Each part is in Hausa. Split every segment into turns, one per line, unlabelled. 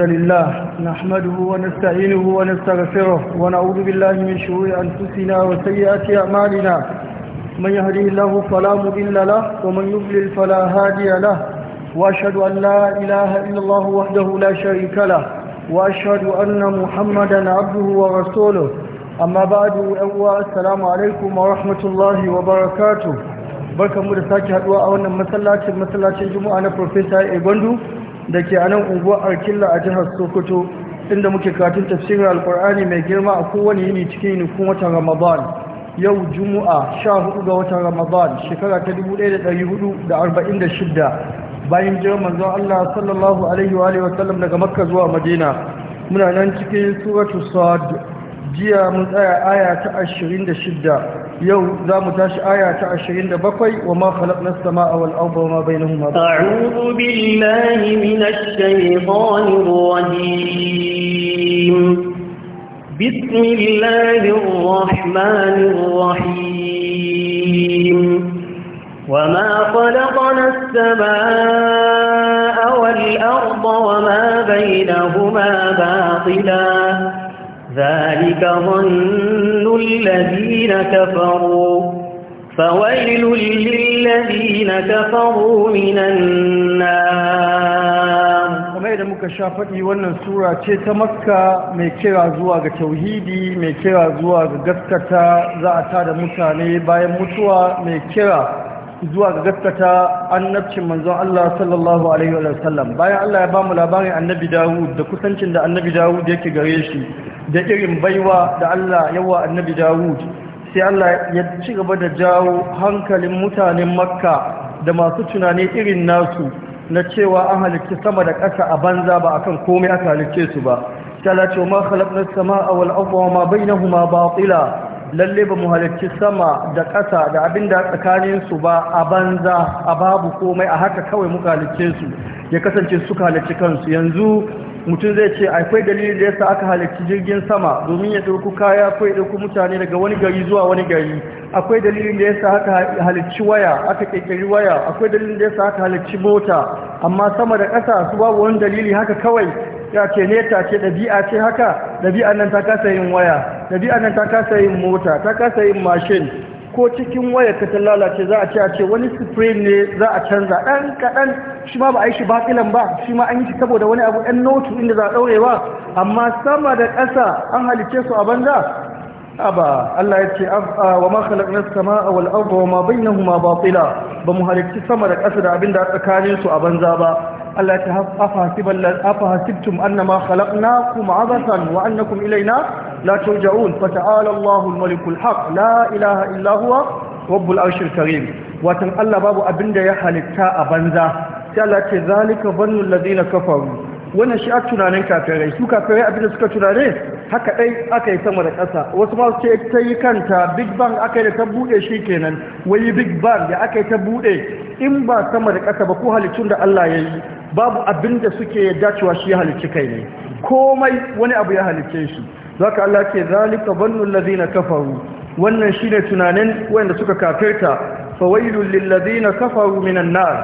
الحمد لله نحمده ونستعينه ونستغفره ونعوذ بالله من شرور أنفسنا وسيئات أعمالنا من يهديه الله فلا مضل له ومن يضلل فلا هادي له وأشهد أن لا إله إلا الله وحده لا شريك له وأشهد أن محمدا عبده ورسوله أما بعد أوى السلام عليكم ورحمة الله وبركاته barkanmu da sake haduwa a wannan masallacin masallacin juma'a na professor Egondu da ke a nan unguwar arkilla a jihar sokoto inda muke katun tafsirin alkur'ani mai girma a kowane yini cikin yinikun watan ramadan yau juma'a sha hudu ga watan ramadan shekara ta dubu ɗaya da ɗari hudu da arba'in da shidda bayan jiran manzon allah sallallahu alaihi wa wasallam daga makka zuwa madina muna nan cikin suratu sad jiya mun tsaya aya ta ashirin da shidda يو زام تاش آية عشرين دبقي وما خلقنا السماء والأرض وما بينهما أعوذ بالله من
الشيطان الرجيم بسم الله الرحمن الرحيم وما خلقنا السماء والأرض وما بينهما باطلاً ذلك ظن الذين كفروا فويل
للذين كفروا من النار kamar da muka sha faɗi wannan sura ce ta makka mai kira zuwa ga tauhidi mai kira zuwa ga gaskata za a tada mutane bayan mutuwa mai kira zuwa ga gaskata annabcin manzon Allah sallallahu alaihi wa sallam bayan Allah ya ba mu labarin annabi Dawud da kusancin da annabi Dawud yake gare shi da irin baiwa da Allah yawa annabi Dawud sai Allah ya ci gaba da jawo hankalin mutanen Makka da masu tunani irin nasu na cewa an halicci sama da ƙasa a banza ba akan komai aka halicce su ba ta lalace ma khalaqna samaa wal arda wa ma bainahuma batila lalle ba mu halicci sama da ƙasa da abin da tsakanin su ba a banza a babu komai a haka kawai muka halicce su ya kasance suka halicci kansu yanzu mutum zai ce akwai dalilin da yasa aka halarci jirgin sama domin ya ɗauku kaya ya ɗauku mutane daga wani gari zuwa wani gari akwai dalilin da yasa aka halarci waya aka kekeri waya akwai dalilin da yasa aka halarci mota amma sama da ƙasa su babu wani dalili haka kawai ya ce neta ce ɗabi'a ce haka ɗabi'a nan ta kasa yin waya ɗabi'a nan ta kasa yin mota ta kasa yin mashin ko cikin waya ka ta lalace za a ce a ce wani spring ne za a canza ɗan kaɗan shi ma ba a yi shi bakilan ba shi ma an yi shi saboda wani abu ɗan notu inda za a ɗaure ba amma sama da ƙasa an halice su a banza aba Allah ya ce wa ma khalaqna samaa wal arda wa ma bainahuma batila ba mu halicci sama da ƙasa da abinda da tsakanin su a banza ba Allah ya ce afa hasibtum annama khalaqnakum abathan wa annakum ilaina لا ترجعون فتعالى الله الملك الحق لا إله إلا هو رب العرش الكريم وتن الله باب أبن دي حالتا أبنزا ka ذلك ظن الذين كفروا wannan shi a tunanin kafirai su kafirai abinda suka tunane haka ɗai aka yi sama da ƙasa wasu masu ce ta yi kanta big bang aka yi da ta buɗe shi kenan wai big bang da aka yi ta buɗe in ba sama da ƙasa ba ko halittun da Allah ya yi babu abinda suke dacewa shi halicci kai ne komai wani abu ya halicce shi zaka Allah ce zalika bannul ladina kafaru wannan shine tunanin wanda suka kafirta fawailul lil ladina kafaru minan nar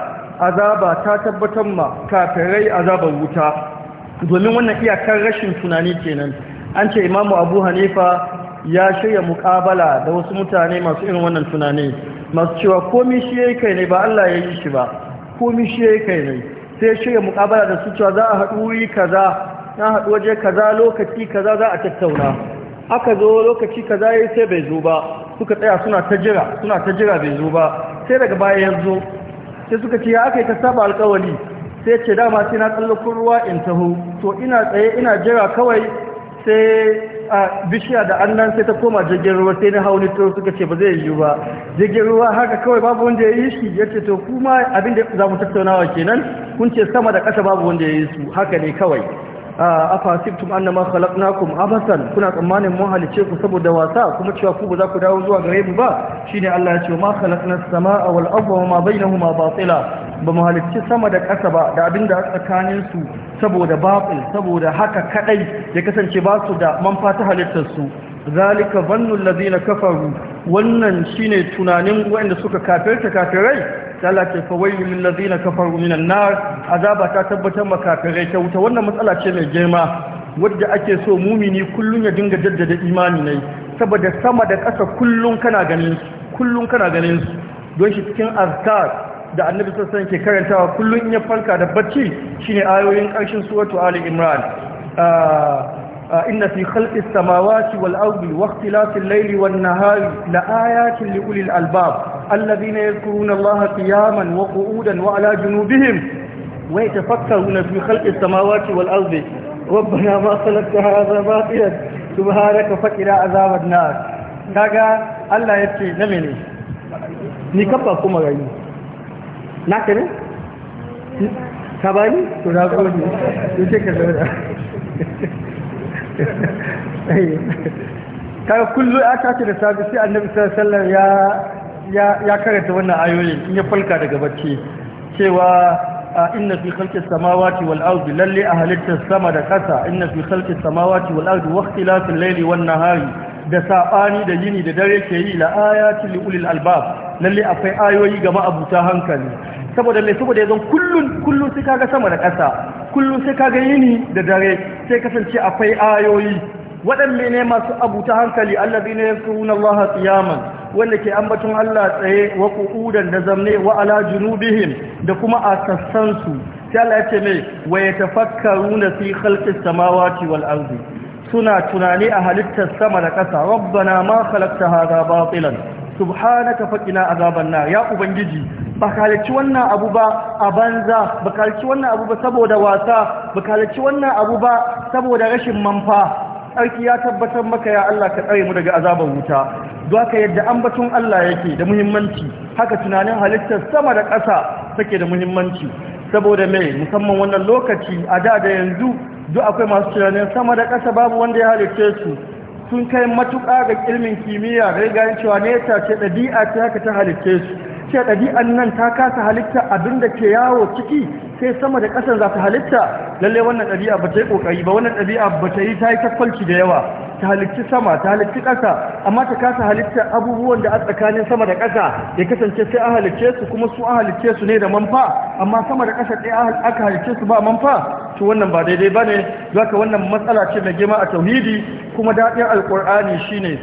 azaba ta tabbatar ma kafirai azaban wuta domin wannan iyakar rashin tunani kenan an ce imamu abu hanifa ya shirya mukabala da wasu mutane masu irin wannan tunani masu cewa komi shi yayi kai ne ba Allah ya yi shi ba komi shi yayi kai ne sai shirya mukabala da su cewa za a haɗu wuri kaza na haɗu waje kaza lokaci kaza za a tattauna aka zo lokaci kaza yi sai bai zo ba suka tsaya suna ta jira suna ta jira bai zo ba sai daga baya yanzu zo sai suka ce ya aka yi ta saba alkawari sai ce dama sai na tsallakun ruwa in taho to ina tsaye ina jira kawai sai a bishiya da annan sai ta koma jirgin ruwa sai na hauni to suka ce ba zai yiwu ba jirgin ruwa haka kawai babu wanda ya yi shi ya ce to kuma abin da za mu tattaunawa kenan kun ce sama da ƙasa babu wanda ya yi su haka ne kawai afasibtum annama khalaqnakum abasan kuna tsammanin mun halice ku saboda wasa kuma cewa ku ba za ku dawo zuwa gare mu ba shine Allah ya ce ma khalaqnas samaa wal arda wama bainahuma batila ba mu halicci sama da ƙasa ba da abin da tsakanin su saboda batil saboda haka kadai ya kasance ba su da manfa ta halittar su zalika zannul ladina kafaru wannan shine tunanin waɗanda suka kafirta kafirai Allah ce fawai min lazina kafar minan nar azaba ta tabbatar makafirai ta wuta wannan matsala ce mai girma wadda ake so mumini kullun ya dinga jaddada imani ne saboda sama da ƙasa kullun kana ganin kullun kana ganin su don shi cikin azkar da annabi sassan ke karantawa kullum in ya farka da bacci shine ayoyin ƙarshen suratu ali imran ah, ah, fi wa ikhtilafi al-layli wan nahari la ayatin li ulil albab. الذين يذكرون الله قياما وقعودا وعلى جنوبهم ويتفكرون في خلق السماوات والأرض ربنا ما خلقت هذا باطلا سبحانك فقنا عذاب النار kaga Allah ya ce na mene ni kafa kuma rayu
na kare ka ni? to na gode yace ka zauna
kaga kullu ce da sabi sai annabi sallallahu ya ya karanta wannan ayoyin in ya falka daga bacci cewa inna fi khalqi samawati wal ardi lalle a halittar sama da kasa inna fi khalqi samawati wal ardi wa layli wan nahari da sabani da yini da dare ke yi la ayati li ulil albab lalle akwai ayoyi ga ma'abuta hankali saboda me saboda yanzu kullun kullun sai kaga sama da kasa kullun sai kaga yini da dare sai kasance akwai ayoyi waɗanne ne masu abuta hankali allazi ne yaskuruna Allah qiyaman wanda ke ambaton Allah tsaye wa qu'udan da zamne wa ala junubihim da kuma a sassan su sai Allah ya mai wa yatafakkaruna fi khalqis samawati wal ardi suna tunani a halittar sama da ƙasa rabbana ma khalaqta hadha batilan subhanaka faqina azaban nar ya ubangiji ba halicci wannan abu ba a banza ba halicci wannan abu ba saboda wasa ba halicci wannan abu ba saboda rashin manfa tsarki ya tabbatar maka ya Allah ka tsare mu daga azabar wuta don haka yadda ambaton Allah yake da muhimmanci haka tunanin halittar sama da ƙasa take da muhimmanci saboda mai musamman wannan lokaci a da da yanzu duk akwai masu tunanin sama da ƙasa babu wanda ya halitta su sun kai matuƙa ga ilmin kimiyya da gani cewa nesa ce ɗabi'a ce haka ta halitta su ce ɗabi'an nan ta kasa halitta abin da ke yawo ciki sai sama da ƙasar za ta halitta lalle wannan ɗabi'a ba ta yi ƙoƙari ba wannan ɗabi'a ba ta yi ta yi takwalci da yawa ta halitta sama ta halitta ƙasa amma ta kasa halitta abubuwan da a tsakanin sama da ƙasa ya kasance sai an halicce su kuma su an halicce su ne da manfa amma sama da ƙasa ɗaya aka halicce su ba manfa to wannan ba daidai ba ne Za ka wannan matsala ce mai girma a tauhidi kuma daɗin alƙur'ani shine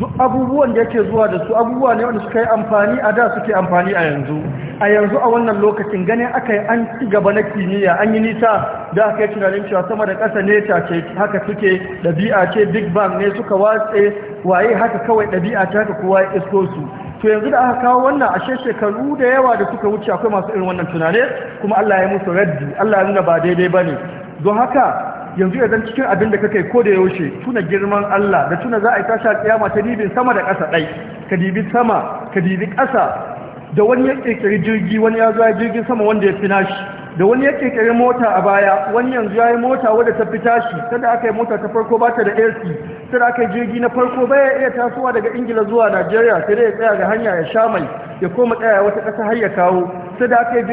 duk abubuwan da yake zuwa da su abubuwa ne wanda suka yi amfani a da suke amfani a yanzu a yanzu a wannan lokacin ganin aka yi an ci gaba na kimiyya an yi nisa da aka yi tunanin cewa sama da ƙasa ne ce haka suke ɗabi'a ce big bang ne suka watse waye haka kawai ɗabi'a ce haka kowa ya isko su to yanzu da aka kawo wannan ashe shekaru da yawa da suka wuce akwai masu irin wannan tunane kuma Allah ya musu raddi Allah ya nuna ba daidai bane don haka yanzu ya zan cikin abin da kakai ko da yaushe tuna girman Allah da tuna za a yi tashi kiyama ta dibin sama da ƙasa ɗai ka dibi sama ka dibi ƙasa da wani ya kirkiri jirgi wani ya zo jirgin sama wanda ya fi nashi da wani ya kirkiri mota a baya wani yanzu ya yi mota wadda ta fi tashi tada aka yi mota ta farko ba ta da ac tada aka yi jirgi na farko baya iya tasowa daga ingila zuwa najeriya sai dai ya tsaya ga hanya ya sha mai ya koma tsaya wata ƙasa har ya kawo Sada aka yi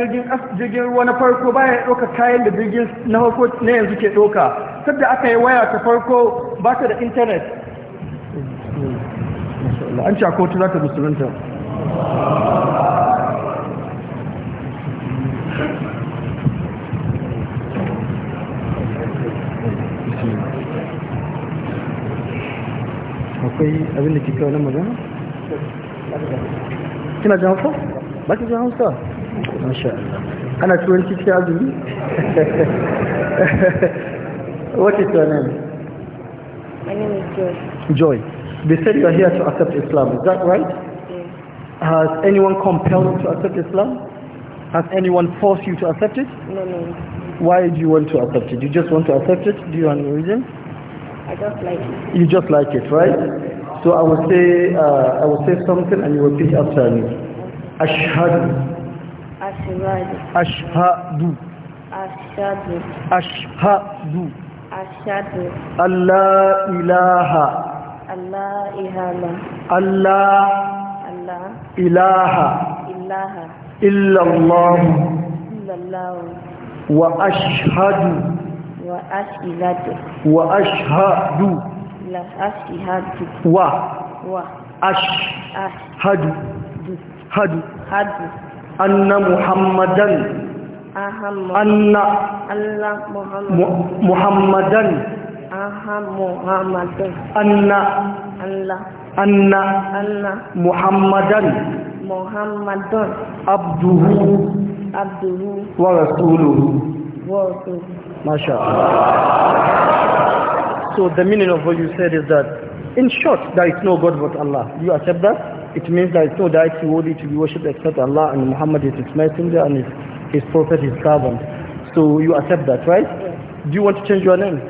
jirgin ruwa na farko ya ɗauka kayan da jirgin na farko na yanzu ke ɗauka sada aka yi waya ta farko ba ta da intanet
akwai abin da ke kawo na magana? kina jan hausa? ba ki jan hausa? masha ana tuwon cikin azumi? what is your name?
my name is joy
joy
they said you are here to accept islam is that right? Has anyone compelled you to accept Islam? Has anyone forced you to accept it? No, no. Why do you want to accept it? You just want to accept it? Do you have any reason?
I just like it.
You just like it, right? So I will say, uh, I will say something and you repeat after me.
Ashhadu. Ashhadu. Ashhadu.
Ashhadu.
Ashhadu.
Allah ilaha.
Allah
ilaha. Allah. إله إلا الله وأشهد
وأشهد وأشهد وأشهد هد هد
أن محمدا
أن محمدا أن محمدا أن أن محمدا محمدا
عبده عبده ورسوله ورسوله ما شاء الله So the meaning of what you said is that in short there is no God but Allah. Do you accept that? It means there is no deity worthy to be worshipped except Allah and Muhammad is his messenger and his, his prophet, his servant. So you accept that, right? Yes. Do you want to change your name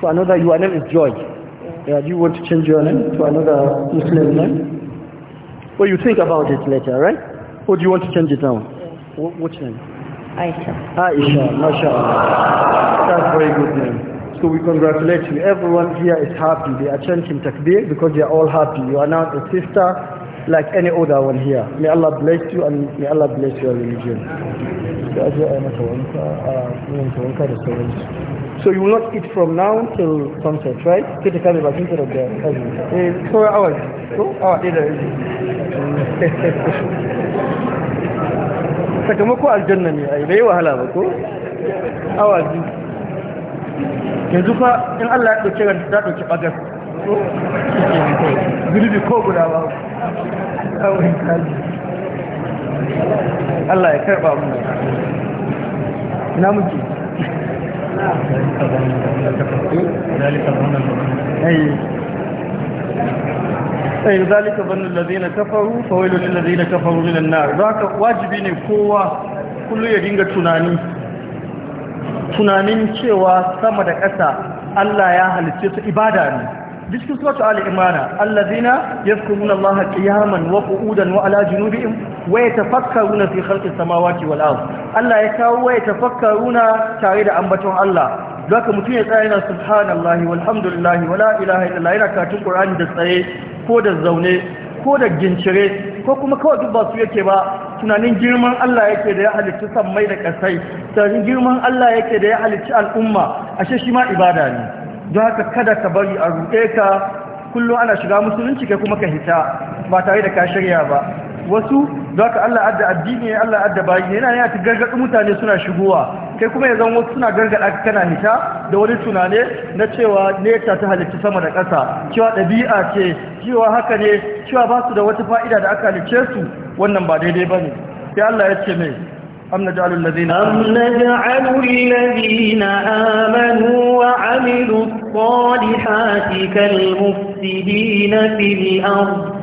to another? Your name is George. Yeah, do you want to change your name to another Muslim name? Well, you think about it later, right? Or do you want to change it now? Yes. What, name? Aisha. Aisha, mashallah. That's a very good name. So we congratulate you. Everyone here is happy. They are chanting takbir because they are all happy. You are now a sister like any other one here. May Allah bless you and may
Allah bless your religion. So you will not eat from now till sunset, right? Take a time about instead of there. Uh, four hours. Four hours later. Sakamako aljanna ne bai wahala ba ko? Awa biyu.
Yanzu fa in Allah ya ɗauke ranta ta ɗauki ɓagas.
Zulubi ko guda ba. Allah ya karɓa mu. muke.
ai zalika bannu lazina kafaru fawailu lil lazina kafaru minan nar zaka wajibi ne kowa kullu ya dinga tunani tunanin cewa sama da ƙasa Allah ya halicce su ibada ne duk cikin suratu ali imana allazina yadhkuruna allaha qiyaman wa qu'udan wa ala junubihim wa yatafakkaruna fi khalqi samawati wal ard Allah ya kawo wa yatafakkaruna tare da ambaton Allah zaka mutune ya tsaya yana subhanallahi walhamdulillahi wala ilaha illallah yana katun qur'ani da tsaye ko da zaune ko da gincire ko kuma kawai duk ba su yake ba tunanin girman Allah yake da ya halicci sammai da kasai tunanin girman Allah yake da ya halicci al'umma ashe shi ma ibada ne don haka kada ka bari a ruɗe ka kullum ana shiga musulunci kai kuma ka hita ba tare da ka shirya ba wasu don haka Allah adda addini ne Allah adda bayi ne yana yana ta gargaɗi mutane suna shigowa kai kuma ya zama wasu suna gargaɗa ka kana hita da wani tunane na cewa neta ta halitta sama da ƙasa cewa ɗabi'a ce cewa haka ne cewa ba su da wata fa'ida da aka halicce su wannan ba daidai ba ne sai Allah ya ce mai أم نجعل الذين أم نجعل
الذين آمنوا وعملوا الصالحات كالمفسدين في الأرض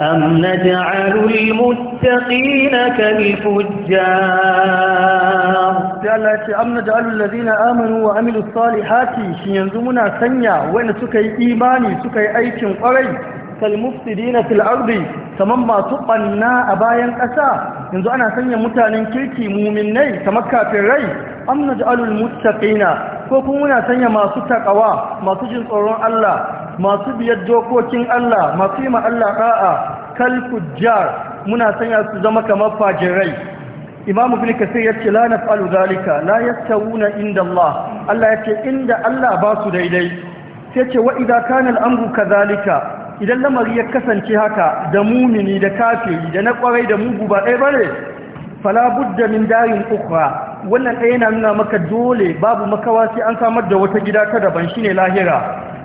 أم نجعل المتقين كالفجار
تعالى أم نجعل الذين آمنوا وعملوا الصالحات ينزمنا سنيا وإن سكي إيماني سكي أيكم قريب kalmufsidina fil ardi kaman masu banna a bayan ƙasa yanzu ana sanya mutanen kirki muminai kamar rai. am naj'alul muttaqina ko kuma muna sanya masu takawa masu jin tsoron Allah masu biyar dokokin Allah masu yi ma Allah kal fujjar muna sanya su zama kamar fajirai imamu bin kasir ya ce la naf'alu zalika la yastawuna inda Allah Allah ya ce inda Allah ba su daidai sai ce wa idza kana al-amru kadhalika idan lamari ya kasance haka da mumini da kafiri da na kwarai da mugu ba ɗaya bane fala min darin ukra wannan ɗaya yana nuna maka dole babu makawa sai an samar da wata gida ta daban shine lahira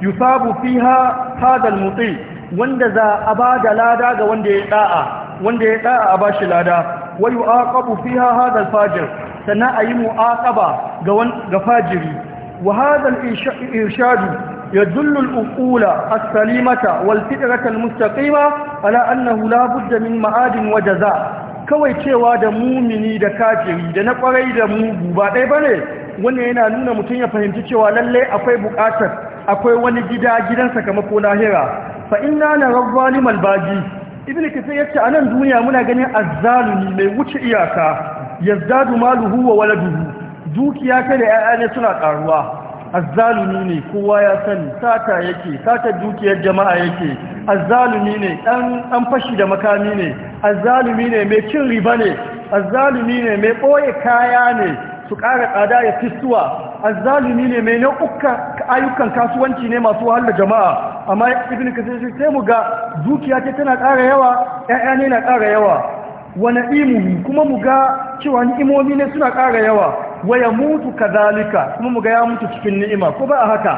yusabu fiha hadal muti wanda za a ba da lada ga wanda ya da'a wanda ya da'a a bashi lada wa yu'aqabu fiha hadal fajir sannan yi mu'aqaba ga ga fajiri وهذا الإرشاد يدل الأقول السليمة والفئرة المستقيمة على أنه لا بد من معاد وجزاء kawai cewa da mumini da kafiri da na kwarai da mugu ba ɗaya bane wani yana nuna mutum ya fahimci cewa lalle akwai buƙatar akwai wani gida gidan sakamako lahira fa inna na rabbalimal baji ibnu kasir yace a nan duniya muna ganin azzalumi mai wuce iyaka yazdadu maluhu wa waladuhu dukiya ta da ‘ya'yane suna ƙaruwa azzalumi ne kowa ya sani sata yake sata dukiyar jama'a yake azzalumi ne ɗan fashi da makami ne azzalumi ne mai cin riba ne azzalumi ne mai ɓoye kaya ne su ƙara tsada ya fistuwa azzalumi ne mai nau'uka ayyukan kasuwanci ne masu wahalar jama'a amma ibn kasir sai mu ga dukiya ce tana ƙara yawa ‘ya'ya ne na ƙara yawa wani imu kuma mu ga cewa ni'imomi ne suna ƙara yawa wa ya mutu kazalika kuma mu ga ya mutu cikin ni'ima ko ba a haka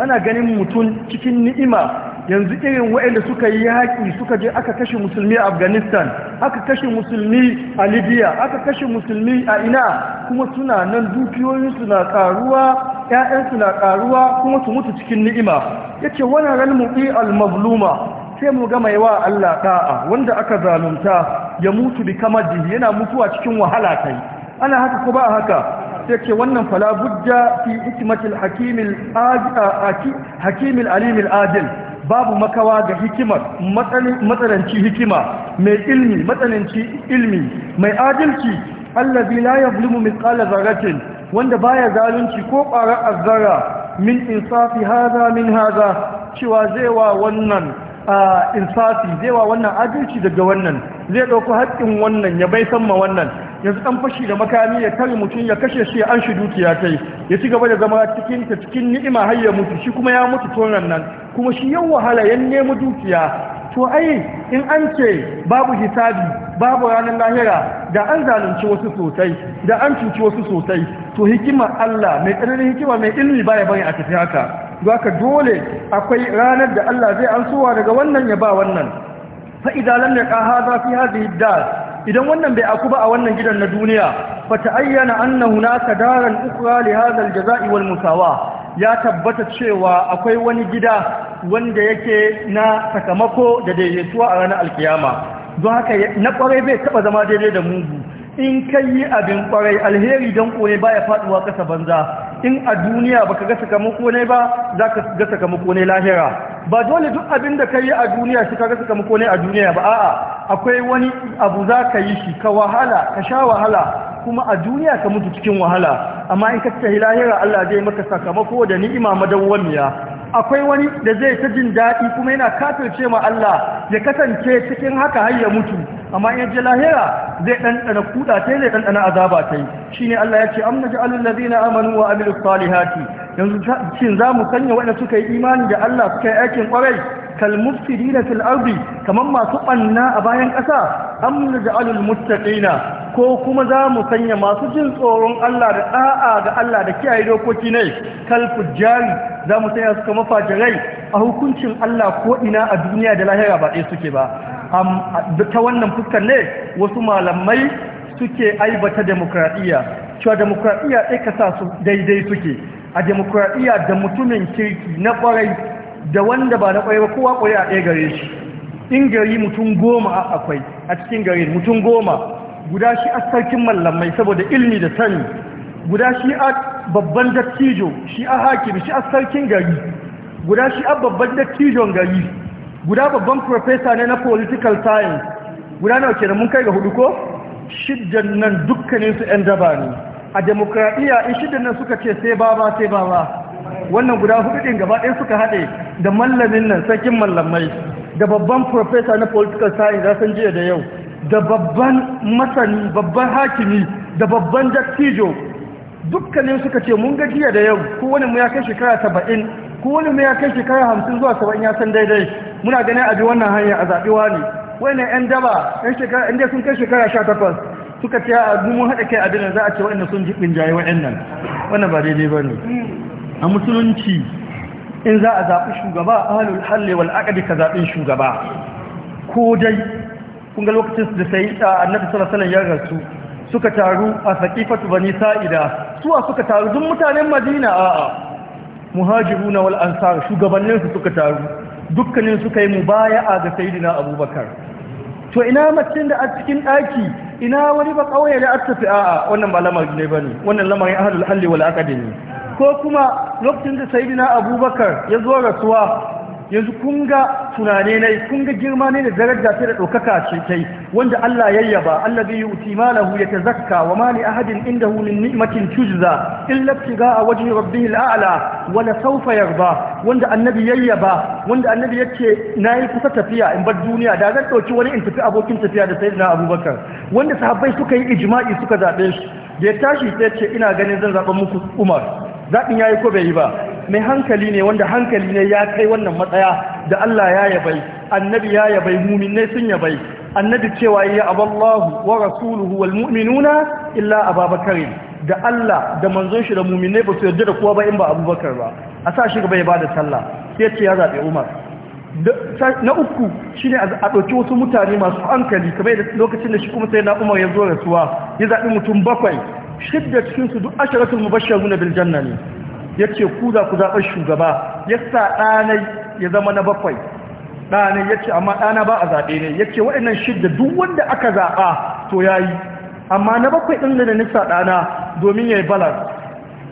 ana ganin mutum cikin ni'ima yanzu irin waɗanda suka yi yaƙi suka je aka kashe musulmi a afghanistan aka kashe musulmi a libya aka kashe musulmi a ina kuma suna nan dukiyoyinsu na ƙaruwa ‘ya'yansu na ƙaruwa kuma su mutu cikin ni'ima Yace ce wani ralmuɗi al-mazluma sai mu gama yawa Allah ɗa'a wanda aka zalunta ya mutu bi kamar yana mutuwa cikin wahala kai ana haka ko ba haka yake wannan fala budda fi hikmatil hakimil hakimil alimil adil babu makawa ga hikimar matsananci hikima mai ilmi matsananci ilmi mai adalci allazi la yazlimu mithqala zarratin wanda baya zalunci ko ƙwara azzara min insafi haza min haza cewa zai wannan insafi zai wannan adalci daga wannan zai ɗauki haƙƙin wannan ya bai san ma wannan yanzu dan fashi da makami ya kare mutum ya kashe shi an shi dukiya yi. ya ci gaba da zama cikin ta cikin ni'ima har ya mutu shi kuma ya mutu tun nan kuma shi yau wahala ya nemi dukiya to ai in an ce babu hisabi babu ranar lahira da an zalunci wasu sosai da an cuci wasu sosai to hikima Allah mai tsananin hikima mai ilmi baya bari a tafi haka haka dole akwai ranar da Allah zai ansowa daga wannan ya ba wannan fa idan lam yaqa hadha fi hadhihi dar idan wannan bai aku ba a wannan gidan na duniya ayyana anna hunaka daran ukra li hadha al wal musawa ya tabbata cewa akwai wani gida wanda yake na sakamako da daidaituwa a ranar alkiyama don haka na kware bai taba zama daidai da mugu in ka yi abin ƙwarai, alheri don kone ba ya faduwa kasa banza in a duniya baka ga sakamako ne ba za ka ga sakamako ne lahira ba dole duk abin da ka yi a duniya shi ka ga sakamako ne a duniya ba a'a akwai wani abu za ka yi shi ka wahala ka sha wahala kuma a duniya ka mutu cikin wahala amma in ka tafi lahira Allah zai maka sakamako da ni'ima madawwamiya akwai wani da zai ta jin daɗi kuma yana kafirce ma Allah ya kasance cikin haka har ya mutu amma in ji lahira zai ɗanɗana kuɗa ta zai ɗanɗana azaba ta yi shi ne Allah ya ce am na ja'alul na amanu wa amilu salihati yanzu shin za mu sanya waɗanda suka yi imani da Allah suka yi aikin ƙwarai kalmufsidina fil ardi kaman masu banna a bayan ƙasa am naj'alul muttaqina ko kuma za mu sanya masu jin tsoron Allah da da'a ga Allah da kiyaye dokoki ne kal fujjari za mu sanya su kama fajirai a hukuncin Allah ko ina a duniya da lahira ba ɗaya suke ba ta wannan fuskar ne wasu malamai suke aibata demokradiyya cewa demokradiyya ɗaya ka sa su daidai suke a demokradiyya da mutumin kirki na ƙwarai da wanda ba na ƙwai ba kowa ƙwai a ɗaya gare shi in gari mutum goma a akwai a cikin gari mutum goma guda shi a sarkin mallamai saboda ilmi da sani guda shi a babban dattijo shi a hakim shi a sarkin gari guda shi a babban dattijon gari guda babban profesa ne na political science guda nawa kenan mun kai ga hudu ko shidda nan dukkaninsu 'yan daba ne a demokradiyya in shidda nan suka ce sai baba sai baba wannan guda hudu din gaba ɗaya suka haɗe da mallamin nan sarkin mallamai da babban profesa na political science na san jiya da yau da babban masani babban hakimi da babban dattijo dukkanin suka ce mun ga jiya da yau kowane mu ya kai shekara saba'in kowane mu ya kai shekara hamsin zuwa saba'in ya san daidai muna ganin abi wannan hanya a zaɓiwa ne wani yan daba yan shekara inda sun kai shekara sha takwas suka ce a mun haɗa kai abin za a ce wa'annan sun jibin jaye wa'annan wannan ba daidai ba ne a musulunci in za a zaɓi shugaba a halin hallewar wal'akadi ka zaɓin shugaba ko dai kunga lokacin da sai a annabi salasalan ya rasu suka taru a saƙifatu bani sa'ida suwa suka taru duk mutanen madina a'a muhajiru na wal'ansar shugabanninsu suka taru dukkanin suka yi a ga sayidina abubakar to ina macin da a cikin ɗaki ina wani ba ƙauye da a tafi a'a wannan ba lamarin ne ba ne wannan lamarin ahalul halli wal akadi ne ko kuma lokacin da sayidina abubakar ya zo rasuwa yanzu kun ga tunane kunga kun ga girma ne da daraja ce da ɗaukaka ce kai wanda Allah yayyaba allazi yuti malahu zakka, wa ma li ahadin inda min ni'matin tujza illa ibtigaa wajhi rabbihil a'la wa la sawfa yarda wanda annabi yayyaba wanda annabi yace nayi kusa tafiya in bar duniya da zan ɗauki wani in tafi abokin tafiya da sayyidina Abubakar wanda sahabbai suka yi ijma'i suka zaɓe shi da ya tashi sai ce ina ganin zan zaɓa muku Umar zaɓin ya yi ko bai yi ba mai hankali ne wanda hankali ne ya kai wannan matsaya da Allah ya yabai annabi ya yabai muminai sun yabai annabi cewa ya aballahu wa rasuluhu wal mu'minuna illa ababakar da Allah da manzon shi da muminai ba su yarda da kowa ba in ba abubakar ba a sa shi gaba ya bada sallah sai ce ya zabe Umar na uku shine a ɗauki wasu mutane masu hankali kamar lokacin da shi kuma sai na Umar ya zo rasuwa ya zaɓi mutum bakwai shidda cikin su duk asharatul mubashsharuna bil janna ne yace ku za ku zaɓar shugaba yasa ɗanai ya zama na bakwai ɗanai yace amma ɗana ba a zaɓe ne yace waɗannan shidda duk wanda aka zaɓa to yayi amma na bakwai ɗin da nisa ɗana domin yayi balance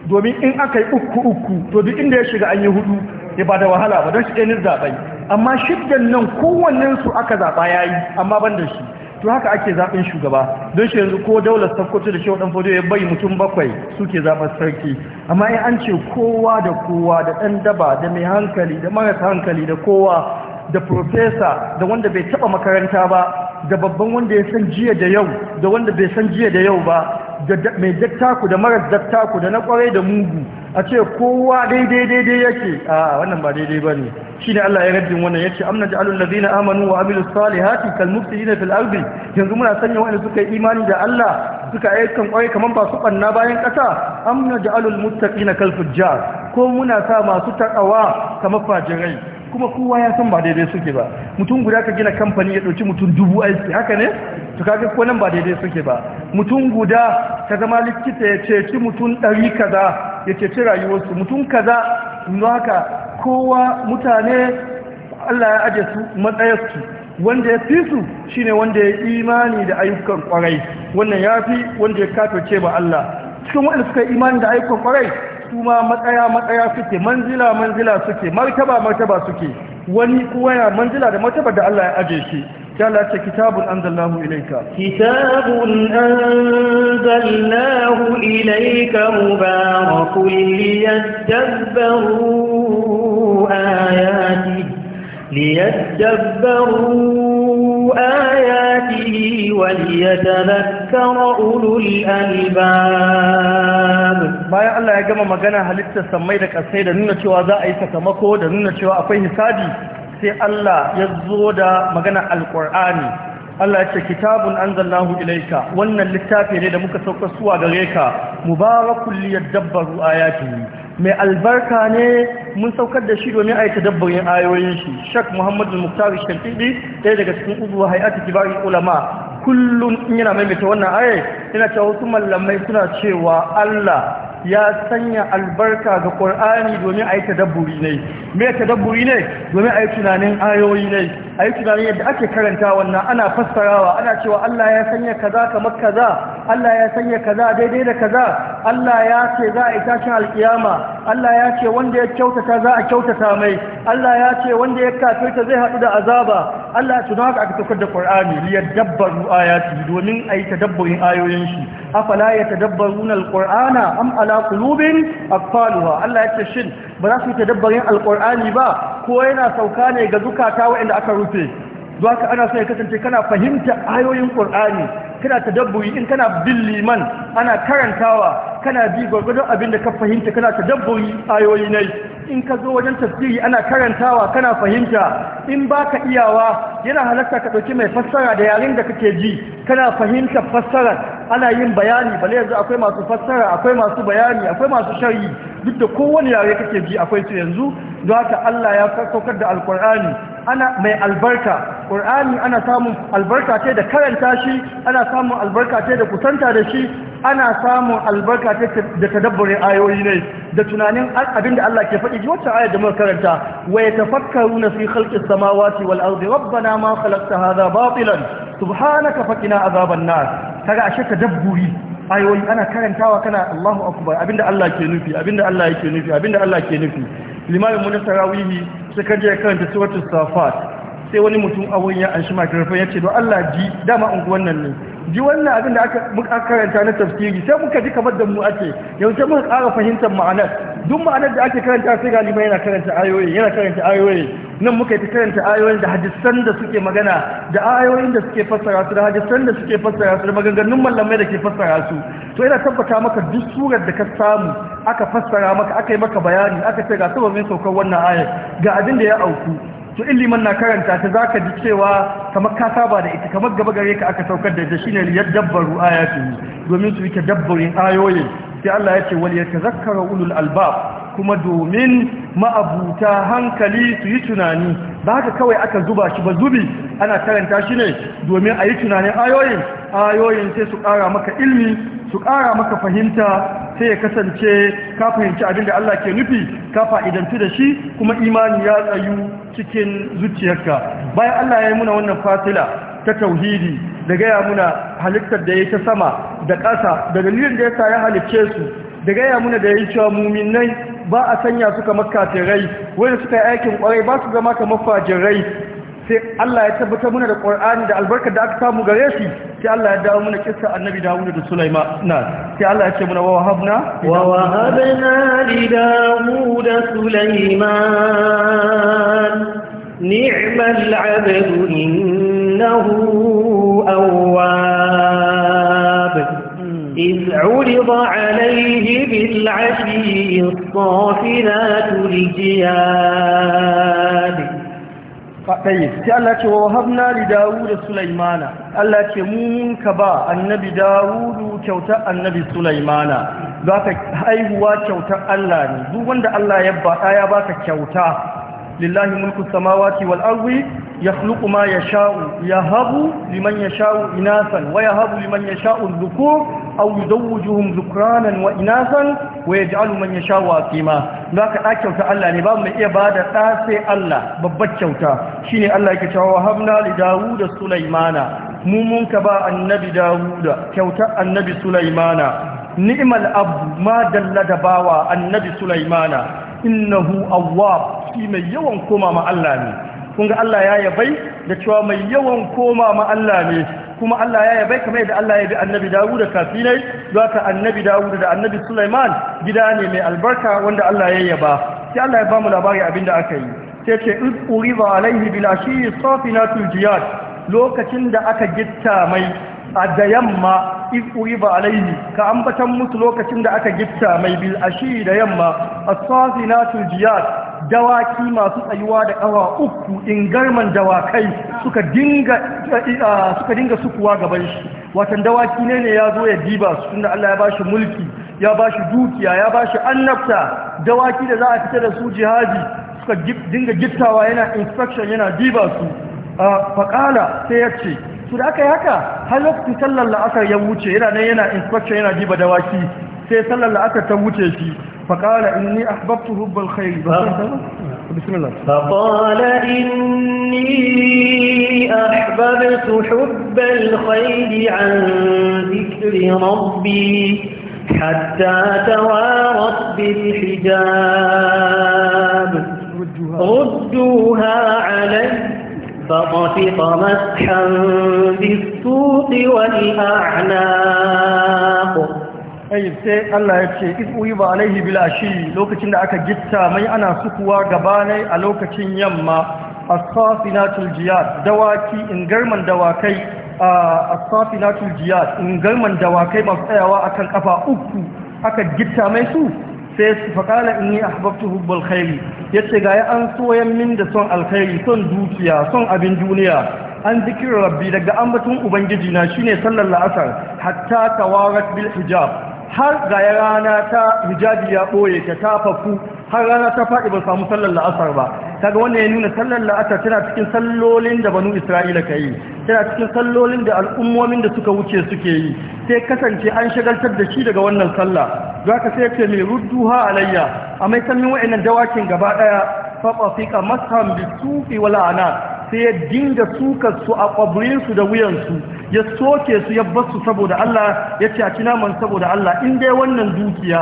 domin in aka yi uku uku to duk inda ya shiga an yi hudu ya ba da wahala ba don shi ɗanin zaɓai amma shiddan nan kowannen su aka zaɓa yayi amma ban da shi to haka ake zaɓin shugaba don shi yanzu ko daular sakkwato da shehu ɗan fado ya bai mutum bakwai suke zaɓar sarki amma in an ce kowa da kowa da ɗan daba da mai hankali da marasa hankali da kowa da profesa da wanda bai taɓa makaranta ba da babban wanda ya san jiya da yau da wanda bai san jiya da yau ba mai dattaku da marar dattaku da na kwarai da mugu a ce kowa daidai daidai yake a wannan ba daidai ba ne shi ne Allah ya rajin wannan ya ce amna ja'alun lazina amanu wa amilu salihati kal mufsidina fil ardi yanzu muna sanya wanda suka yi imani da Allah suka ayyukan kwarai kamar ba su banna bayan ƙasa amna alun muttaqina na fujjar ko muna sa masu takawa kamar fajirai kuma kowa ya san ba daidai suke ba mutum guda ka gina kamfani ya ɗauki mutum dubu aiki haka ne to kaga ko nan ba daidai suke ba mutum guda ka zama likita ya ceci mutum ɗari kaza ya ceci rayuwarsu mutum kaza don haka kowa mutane Allah ya aje su matsayarsu wanda ya fi su shine wanda ya imani da ayyukan kwarai wannan ya fi wanda ya ce ba Allah cikin waɗanda suka imani da ayyukan kwarai suma matsaya matsaya suke manzila manzila suke martaba martaba suke wani kuwa ya manzila da martaba da Allah ya ajiye shi Allah ya ce kitabun anzalahu ilayka kitabun anzalahu ilayka mubarakun
liyadabbaru ayati liyadabbaru آياته وليتذكر
أولو الألباب bayan Allah ya gama magana halittar sammai da kasai da nuna cewa za a yi sakamako da nuna cewa akwai hisabi sai Allah ya zo da magana alkur'ani Allah ya ce kitabun anzalnahu ilayka wannan littafi ne da muka sauka suwa gare ka mubarakul liyadabbaru yi. mai albarka ne mun saukar da shi domin a yi tadabbarin ayoyin shi shak muhammadu muktari shafiɗi ɗaya daga cikin uzuwa hayati kibarin ulama kullum yana maimaita wannan ayar yana cewa wasu mallamai suna cewa allah ya sanya albarka ga ƙur'ani domin a yi tadabburi ne me tadabburi ne domin a yi tunanin ayoyi ne a yi tunanin yadda ake karanta wannan ana fassarawa ana cewa Allah ya sanya kaza kamar kaza Allah ya sanya kaza daidai da kaza Allah ya ce za a yi tashin alkiyama Allah ya ce wanda ya kyautata za a kyautata mai Allah ya ce wanda ya kafirta zai haɗu da azaba Allah su haka aka saukar da Qur'ani li yadabbaru ayati domin a ayi tadabbarin ayoyin shi afala yatadabbaruna al-Qur'ana am ala qulubin aqfaluha Allah ya ce shin ba za su tadabbarin al ba ko yana sauka ne ga zukata waɗanda aka rufe zuwa ka ana so ya kasance kana fahimta ayoyin ƙur'ani? kana tadabburi in kana bin liman ana karantawa kana bi gwargwadon abin da ka fahimta kana tadabburi ayoyi ne in ka zo wajen tafsiri ana karantawa kana fahimta in baka iyawa yana halarta ka ɗauki mai fassara da yaren da kake ji kana fahimta fassarar ana yin bayani bale yanzu akwai masu fassara akwai masu bayani akwai masu sharhi duk da kowane yare kake ji akwai su yanzu don haka Allah ya saukar da alkur'ani ana mai albarka Kur'ani ana samun albarka ce da karanta shi ana samun albarka ce da kusanta da shi ana samun albarka ce da tadabburin ayoyi ne da tunanin abin da Allah ke faɗi wacce ayar da muka karanta wa yatafakkaruna fi khalqis samawati wal ardi rabbana ma khalaqta hadha batilan subhanaka faqina azaban nar kaga ashe tadabburi ayoyi ana karantawa kana Allahu akbar abinda Allah ke nufi abinda Allah yake nufi abinda Allah ke nufi limamin mun sarawihi sai kaje karanta suratul safat sai wani mutum awon ya anshi makarfa ya ce don Allah ji dama unguwan nan ne ji wannan abin da aka muka karanta na tafsiri sai muka ji kamar da mu ake yau sai muka ƙara fahimtar ma'anar duk ma'anar da ake karanta sai galiba yana karanta ayoyi yana karanta ayoyi nan muka yi ta karanta ayoyin da hadisan da suke magana da ayoyin da suke fassara su da hadisan da suke fassara su da maganganun mallamai da ke fassara su to yana tabbata maka duk surar da ka samu aka fassara maka aka yi maka bayani aka ce ga sababin saukar wannan ayar ga abin da ya auku to in na karanta ta za ka ji cewa kamar ka saba da ita kamar gaba gare ka aka saukar da ita shine dabbaru ayatu domin su yi dabbarin ayoyin sai Allah ya ce wal yatazakkaru ulul albab kuma domin ma'abuta hankali su yi tunani ba haka kawai aka zuba shi ba zubi ana karanta shi ne domin a yi tunanin ayoyin ayoyin sai su ƙara maka ilmi su ƙara maka fahimta sai ya kasance ka fahimci abin da Allah ke nufi ka fa'idantu da shi kuma imani ya tsayu cikin zuciyarka bayan Allah ya yi muna wannan fasila ta tauhidi da gaya muna halittar da ya ta sama da ƙasa da dalilin da ya sa ya halicce su da gaya muna da yi cewa muminai ba a sanya su kamar kafirai wanda suka yi aikin kwarai ba su zama kamar fajirai sai Allah ya tabbatar muna da ƙur'ani da albarkar da aka samu gare shi sai Allah ya dawo muna kissa Annabi Dawud da Sulaiman sai Allah ya ce muna wa wahabna wa wahabna li
Dawud Sulaiman ni'mal 'abdu innahu awwab إذ عرض عليه بالعشي الصافنات
الجياد طيب الله ce wahabna li Dawud Sulaimana Allah ce mun ka ba annabi Dawud kyautar annabi Sulaimana zaka haihuwa kyautar Allah ne duk wanda Allah ya ba ya baka kyauta lillahi mulku samawati wal ardi yakhluqu ma yasha'u yahabu liman yasha'u inasan wa yahabu liman yasha'u dhukur aw yuzawwijuhum dhukranan wa inasan wa yaj'alu man yasha'u aqima zaka da kyauta Allah ne babu mai iya ba da sai Allah babbar kyauta shine Allah yake cewa habna li Dawud Sulaimana mun ka ba annabi Dawuda kyautar annabi Sulaimana ni'mal abu ma dalla da annabi Sulaimana innahu Awwa shi mai yawan koma ma Allah ne kun ga Allah ya yabai da cewa mai yawan koma ma Allah ne kuma Allah ya yabai kamar yadda Allah ya bi annabi Dawud da kafinai ka annabi Dawud da annabi Sulaiman gida ne mai albarka wanda Allah ya yaba sai Allah ya ba mu labari abinda aka yi sai ce uriba alaihi bil ashi safinatul jiyad lokacin da aka gitta mai a da yamma iquri ba alaihi ka ambatan musu lokacin da aka gitta mai bil ashi da yamma as na turjiyar dawaki masu tsayuwa da kawa uku in garman dawakai suka dinga sukuwa gaban shi watan dawaki ne ne zo ya diba su tunda Allah ya bashi mulki ya bashi dukiya ya bashi annabta dawaki da za a fita da su jihadi suka dinga gittawa yana inspection yana diba su faƙala sai ya ce su da aka yi haka har lokacin sallar la'asar ya wuce yana nan yana inspection yana jiba dawaki sai sallar la'asar ta wuce shi faƙala in ni ahbabtu hubbal khairi بسم الله فقال
إني أحببت حب الخير عن ذكر ربي حتى توارت بالحجاب ردوها علي فطفق مسحا بالسوق والأعناق
ayyub sai Allah ya ce ifu ba alaihi bila shi lokacin da aka gitta mai ana sukuwa gabanai a lokacin yamma asafinatul jiyad dawaki ingarman dawakai asafinatul jiyad ingarman dawakai masu tsayawa akan kafa uku aka gitta mai su sai su faƙala in yi ahbabtu hubbal khairi ya ce ga ya an soyan min da son alkhairi son dukiya son abin duniya an zikirar rabbi daga ambaton ubangiji na shine sallar la'asar hatta tawarat bil hijab har ga rana ta hijabi ya ɓoye ta tafafu har rana ta faɗi ba samu sallar la'asar ba kaga wannan ya nuna sallar la'asar tana cikin sallolin da banu isra'ila ka yi tana cikin sallolin da al'ummomin da suka wuce suke yi sai kasance an shagaltar da shi daga wannan sallah za ka sai ce mai rudduha alayya a mai sannin wa'annan dawakin gaba ɗaya ka fiƙa masan bisufi wala ana sai ya dinga sukasu su a su da wuyansu ya soke su ya basu saboda Allah ya ce a kinaman saboda Allah in dai wannan dukiya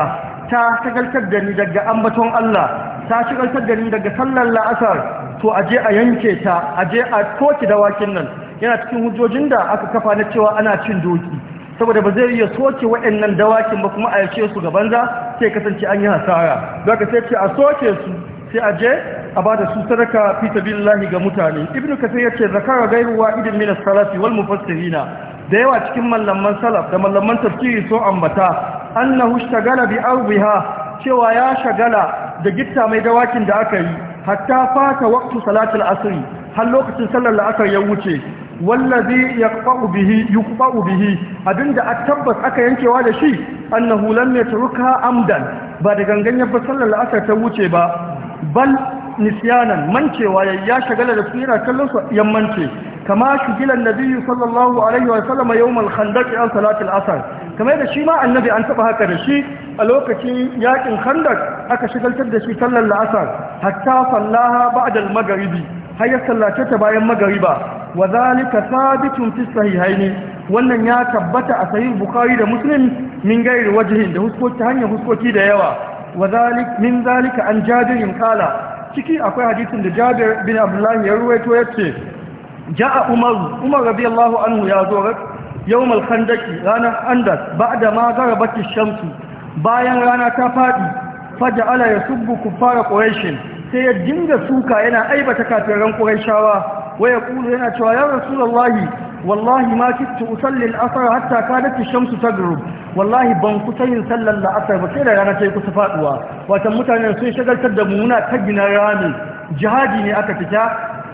ta shagaltar da ni daga ambaton Allah ta shagaltar da ni daga sallar la'asar to a je a yanke ta a je a soke wakin nan yana cikin hujjojin da aka kafa na cewa ana cin doki saboda ba zai iya soke waɗannan dawakin ba kuma a yace su ga banza sai kasance an yi hasara baka sai ce a soke su sai a je a ba da su sadaka fi sabilillahi ga mutane ibnu kasir yace zakara gairu wa'idin min as wal wal mufassirina da yawa cikin mallaman salaf da mallaman tafsiri so ambata annahu ishtagala bi arbiha cewa ya shagala da gitta mai dawakin da aka yi hatta fata waqtu salatul asri har lokacin sallar la'asar ya wuce wallazi yaqfa'u bihi yuqfa'u bihi abinda a tabbas aka yankewa da shi annahu lam yatruka amdan ba da gangan ya sallar la'asar ta wuce ba bal nisyanan mancewa ya shagala da su yana kallon su yan mance kama shigilan nabiyyu sallallahu alaihi wa sallam yawmal khandaq an salatul asr kama da shi ma annabi an taba haka da shi a lokacin yakin khandaq aka shigaltar da shi sallar la'asar hatta sallaha ba'da al-maghribi har ya sallace ta bayan magariba wa zalika sabitun fi sahihaini wannan ya tabbata a sahih bukhari da muslim min gairi wajhin da hanyar huskoki da yawa wa zalik min zalika an jabirin kala ciki akwai hadisin da jabir bin abdullahi ya ruwaito ya ce ja'a umar umar radiyallahu anhu ya zo yawmal khandaki ranar andas ba'da ma garabati shamsu bayan rana ta faɗi. fadi ya yasubbu kuffara ƙorashin, sai ya dinga suka yana aibata kafiran quraishawa Waya Kulu yana cewa ya rasulullahi wallahi ma kittu usalli al-asr hatta kadat ash-shamsu taghrub wallahi ban kusa yin sallar la'asar ba sai da rana ta yi kusa faduwa wata mutanen sun shagaltar da mu muna ta gina rami jihadi ne aka fita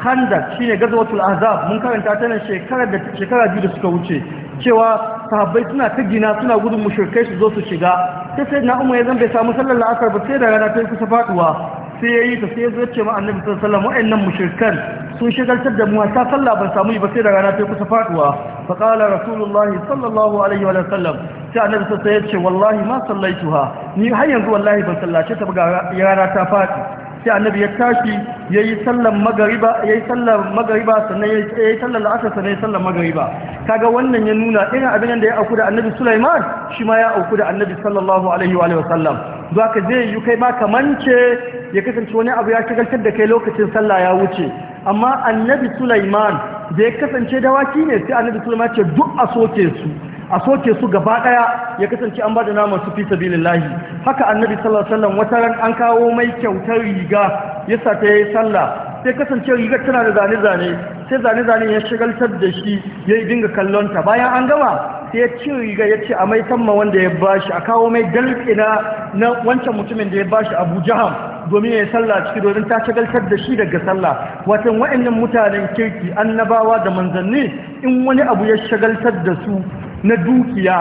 handak shine gazwatul ahzab mun karanta ta nan shekarar da shekara biyu da suka wuce cewa sahabbai suna ta gina suna gudun mushrikai su zo su shiga sai sai na umar ya zan bai samu sallar la'asar ba sai da rana ta yi kusa faduwa sai ya yi ta sai ya zo ce ma annabi sallallahu alaihi wasallam wa'annan mushrikan sun shigaltar da mu ta sallah ban samu ba sai da rana ta kusa faduwa fa qala rasulullahi sallallahu alaihi wa sallam sai annabi sallallahu alaihi wasallam ya ce wallahi ma sallaituha ni har yanzu wallahi ban sallace ta ba rana ta fadi sai annabi ya tashi ya yi sallar magariba ya yi sallar magariba sannan ya yi sallar la'asar sannan ya yi sallar magariba kaga wannan ya nuna irin abin da ya auku da annabi Sulaiman shi ma ya auku da annabi sallallahu alaihi wa sallam. zuwa ka zai yi kai ma kamance ya kasance wani abu ya shigaltar da kai lokacin sallah ya wuce amma annabi Sulaiman da ya kasance dawaki ne sai annabi Sulaiman ce duk a soke su a soke su gaba daya ya kasance an bada naman su fi sabilillahi haka annabi sallallahu alaihi wasallam wata ran an kawo mai kyautar riga yasa ta yi sallah sai kasance riga tana da zane-zane sai zane-zane ya shigaltar da shi ya yi dinga ta bayan an gama sai ya ci riga ya ce a mai tamma wanda ya bashi a kawo mai dalke na wancan mutumin da ya bashi abu jaham domin ya yi sallah ciki domin ta shagaltar da shi daga sallah watan wa'annan mutanen kirki annabawa da manzanni in wani abu ya shagaltar da su na dukiya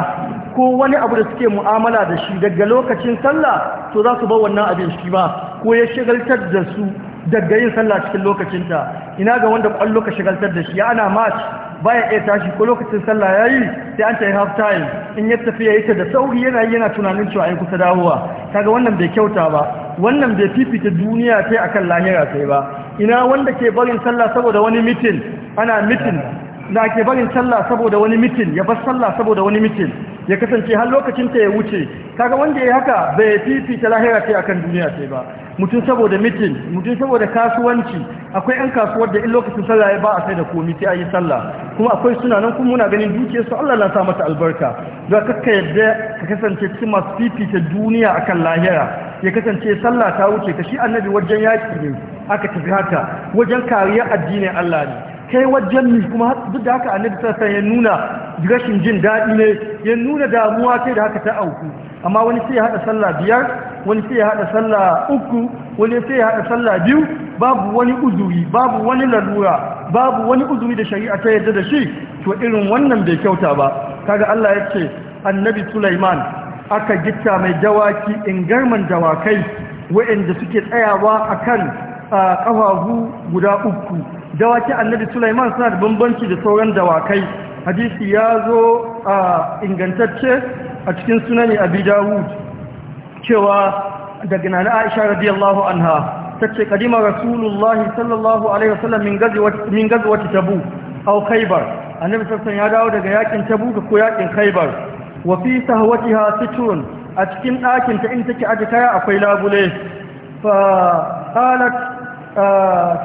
ko wani abu da suke mu'amala da shi daga lokacin sallah to za su ba wannan abin shi ba ko ya shigaltar da su daga yin sallah cikin lokacinta ina ga wanda kwallo ka shigaltar da shi ya ana match baya iya tashi ko lokacin sallah yayi sai an tayi half time in ya tafi yayi ta da sauri yana yana tunanin cewa ai kusa dawowa kaga wannan bai kyauta ba wannan bai fifita duniya sai akan lahira sai ba ina wanda ke barin sallah saboda wani mitin ana mitin da ke barin sallah saboda wani mitin ya bar sallah saboda wani mitin ya kasance har lokacin ta ya wuce kaga wanda ya haka bai fifita lahira ce akan duniya ce ba mutum saboda mitin mutum saboda kasuwanci akwai yan kasuwar da in lokacin sallah ya ba a sai da komi sai ayi sallah kuma akwai suna nan kuma muna ganin dukiyar su Allah na sa mata albarka da kakka yadda ka kasance cikin masu fifita duniya akan lahira ya kasance sallah ta wuce ka annabi wajen yaki ne aka tafi haka wajen kariyar addinin Allah ne kai wajen mi kuma duk da haka annabi sai ya nuna rashin jin daɗi ne ya nuna damuwa kai da haka ta auku amma wani sai ya hada sallah biyar wani sai ya hada sallah uku wani sai ya hada sallah biyu babu wani uzuri babu wani lalura babu wani uzuri da shari'a ta yadda da shi to irin wannan bai kyauta ba kaga Allah ya ce annabi Sulaiman aka gitta mai dawaki ingarman dawakai wa'anda suke tsayawa akan kafafu guda uku dawakin annabi Sulaiman suna da bambanci da sauran dawakai hadisi ya zo a ingantacce a cikin sunani abi dawud cewa daga nana aisha radiyallahu anha tace kadima rasulullahi sallallahu alaihi wasallam min gazwati tabu aw khaybar annabi sallallahu ya dawo daga yakin tabu ko yakin kaibar wa fi sahwatiha sitrun a cikin ɗakin ta in take aje kaya akwai labule fa qalat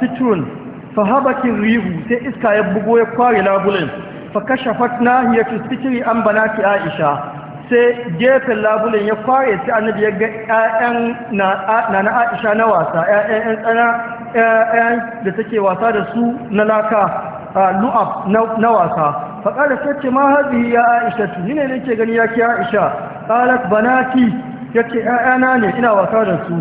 sitrun fahabakin rihu sai iska ya bugo ya kware labulen fa kashafat nahiyatu sitri an banati aisha sai gefen labulen ya kware sai annabi ya ga ƴaƴan na na aisha na wasa ƴaƴan tsana ƴaƴan da take wasa da su na laka lu'ab na wasa fa qala sace ma hadhihi ya aisha ni ne nake gani ya ki aisha qalat banati yace ƴaƴana ne ina wasa da su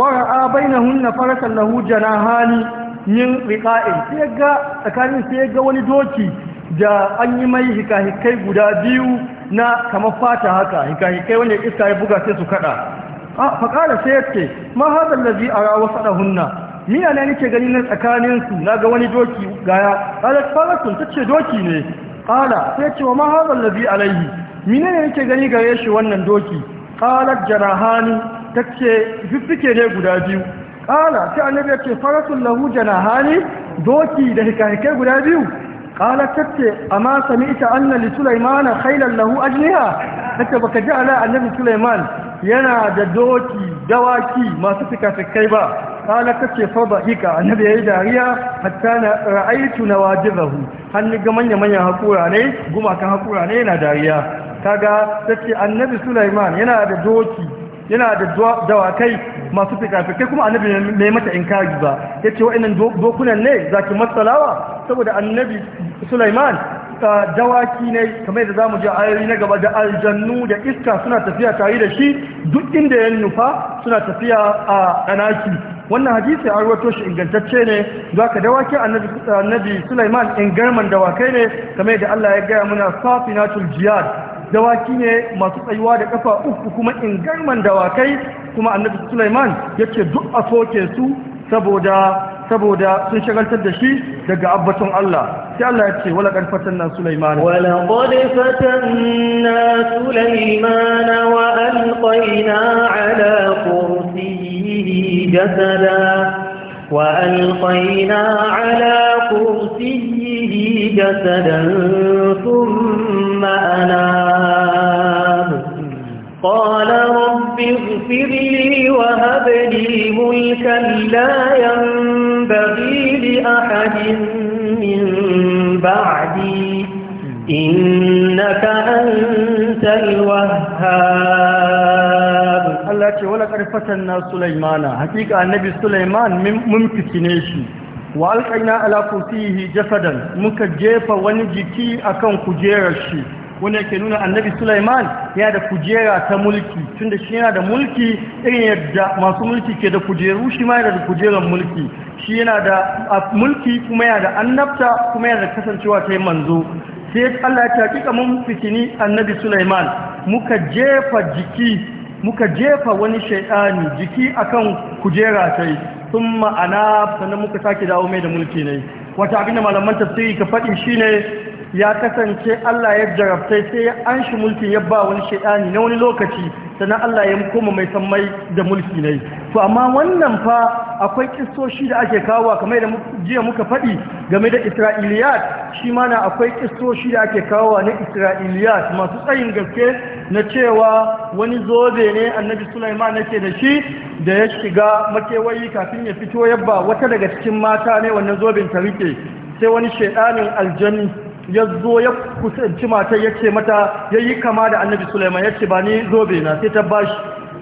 wara'a bainahunna farasan lahu janahani yin riƙa'in sai ga tsakanin sai ga wani doki da an yi mai hikahikai guda biyu na kamar fata haka hikahikai wanda iska ya buga sai su kada a faƙara sai ya ce ma hazan lazi a rawa faɗa hunna miya na nake gani na tsakaninsu na ga wani doki gaya ƙalar faratun ta ce doki ne ƙala sai ce wa ma hazan a alaihi miya ne nake gani gare shi wannan doki ƙalar jarahani ta ce fiffike ne guda biyu ƙala sai annabi ya ce faratun lahu janahani doki da hikahikai guda biyu ƙala ta amma sami ita anna li sulaimana khailan lahu ajniha take baka ji ala annabi sulaiman yana da doki dawaki masu fikafikai ba kala kace fa ba'ika annabi yayi dariya hatta na ra'aytu nawajibahu hannu ga manya manyan hakura ne gumakan hakura ne yana dariya kaga tace annabi Sulaiman yana da doki yana da dawakai masu fikafikai kuma annabi ne mata in kaji ba yace wa'annan dokunan ne zaki matsalawa saboda annabi Sulaiman dawaki ne kamar da zamu ji ayoyi na gaba da aljannu da iska suna tafiya tare da shi duk inda ya nufa suna tafiya a ɗanaki wannan hadisi an wato shi ingantacce ne za ka dawaki annabi annabi Sulaiman ingarman dawakai ne kamar yadda Allah ya gaya muna safinatul jiyad dawaki ne masu tsayuwa da kafa uku kuma ingarman dawakai kuma annabi Sulaiman yake duk a soke su saboda saboda sun shagaltar da shi daga abbatun Allah sai Allah ya ce wala kan fatanna Sulaiman wala qad fatanna Sulaiman wa alqayna ala kursiyyi
jasada وألقينا على كرسيه جسدا ثم ثم أناب قال رب اغفر لي وهب لي ملكا لا ينبغي لأحد من بعدي إنك أنت
الوهاب الله تعالى قد فتنا سليمان حقيقة النبي سليمان ممكن نشي wa alƙaina ala jasadan muka jefa wani jiki akan kujerar shi wanda yake nuna annabi Sulaiman ya da kujera ta mulki tunda shi yana da mulki irin yadda masu mulki ke da kujeru shi ma yana da kujerar mulki shi yana da mulki kuma yana da annabta kuma yana da kasancewa ta yi manzo sai Allah ya hakika mun fitini annabi Sulaiman muka jefa jiki muka jefa wani shaidani jiki akan kujera ta sun ma'ana sannan muka sake dawo mai da mulki ne wata da malaman tafsiri ka faɗi ne. ya kasance Allah ya jarabtai sai ya an shi mulkin ya ba wani shaidani na wani lokaci sannan Allah ya koma mai sammai da mulki ne to amma wannan fa akwai kissoshi da ake kawo kamar da jiya muka faɗi game da isra'iliyat shi ma na akwai kissoshi da ake kawo na isra'iliyat masu tsayin gaske na cewa wani zobe ne annabi sulaiman yake da shi da ya shiga makewayi kafin ya fito yabba wata daga cikin mata ne wannan zoben ta rike sai wani shaidanin aljanni ya zo ya kusanci matar ya ce mata ya yi kama da annabi Sulaiman ya ce ba ni zobe na sai ta bashi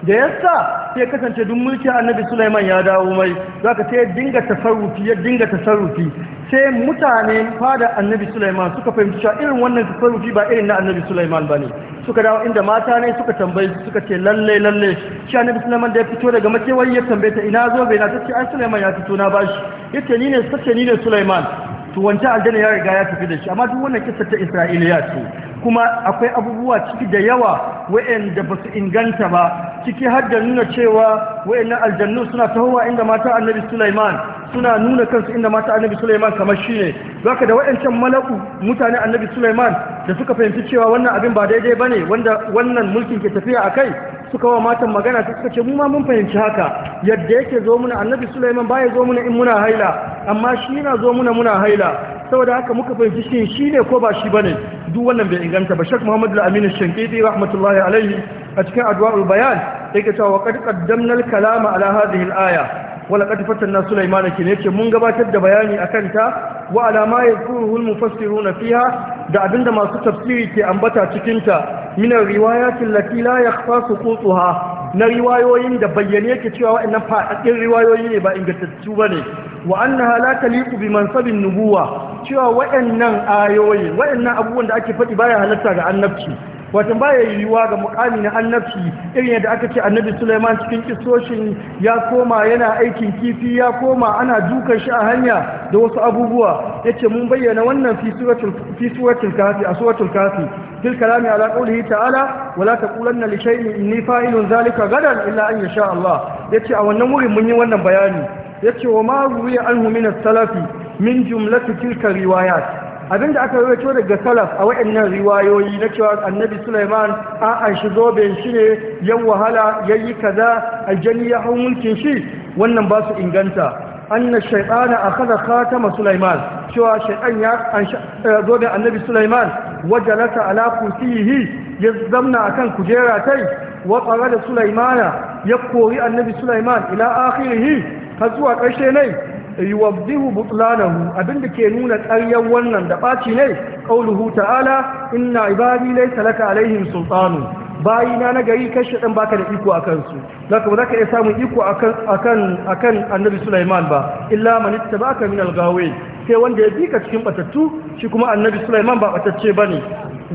da yasa sai kasance duk mulkin annabi Sulaiman ya dawo mai zaka sai ya dinga tasarrufi ya dinga tasarrufi sai mutane fada annabi Sulaiman suka fahimci cewa irin wannan tasarrufi ba irin na annabi Sulaiman bane suka dawo inda mata ne suka tambayi suka ce lalle lalle shi annabi Sulaiman da ya fito daga makewayi ya tambaye ta ina zo bai na tace ai Sulaiman ya fito na bashi yace ni ne sace ni ne Sulaiman to wancan aljanna ya riga ya tafi da shi amma duk wannan kissa ta Isra'iliya ce kuma akwai abubuwa ciki da yawa wa'anda ba su inganta ba ciki har da nuna cewa wa'annan aljannu suna tahowa inda mata annabi Sulaiman suna nuna kansu inda mata annabi Sulaiman kamar shi ne zaka da wa'ancan malaku mutane annabi Sulaiman da suka fahimci cewa wannan abin ba daidai bane wanda wannan mulkin ke tafiya akai suka wa matan magana suka ce mu ma mun fahimci haka yadda yake zo muna annabi Sulaiman baya zo muna in muna haila amma shi yana zo muna muna haila saboda haka muka fahimci shi ne ko ba shi bane duk wannan bai inganta ba shek Muhammadu al-amin shankiti rahmatullahi alaihi a cikin adwa'ul bayan yake cewa wa qad qaddamna al-kalama ala hadhihi al-aya wala qad fatanna sulaymana kin yake mun gabatar da bayani akan ta wa ala ma yakuruhu al-mufassiruna fiha da abinda masu tafsiri ke ambata cikin ta min riwayat allati la yakhfa suqutuha na riwayoyin da bayyane yake cewa wa'annan fadadin riwayoyi ne ba ingantattu bane wa annaha la taliqu bi mansabin nubuwa cewa wayannan ayoyi wayannan abubuwan da ake faɗi baya halatta ga annabci wato baya yiwuwa ga mukami na annabci irin yadda aka ce annabi Sulaiman cikin kisoshin ya koma yana aikin kifi ya koma ana dukan shi a hanya da wasu abubuwa yace mun bayyana wannan fi suratul fi suratul kafi a suratul kafi fil kalami ala qawlihi ta'ala wala taqulanna li shay'in inni fa'ilun zalika gadan illa an yasha Allah yace a wannan wurin mun yi wannan bayani Ya ce wa ma ruwiya anhu min salafi min jumlati tilka riwaya abinda aka rawaito daga salaf a waɗannan riwayoyi na cewa annabi Sulaiman a an shi zobe shi ne yan wahala yayi kaza aljani ya hau mulkin shi wannan ba su inganta anna shaytana akhadha khatama Sulaiman cewa shaiɗan ya an eh, zoben annabi Sulaiman wajalata ala kusihi ya zamna akan kujera tai wa da Sulaimana ya kori annabi Sulaiman ila akhirih har zuwa ƙarshe ne yuwaddihu butlanahu da ke nuna tsaryan wannan da ɓaci ne qauluhu ta'ala inna ibadi laysa laka alaihim sultanu bayina na gari kashi ɗan baka da iko a kansu za ba za ka iya samun iko a annabi Sulaiman ba illa manitta ba ka min algawe sai wanda ya bi ka cikin batattu shi kuma annabi Sulaiman ba batacce ba ne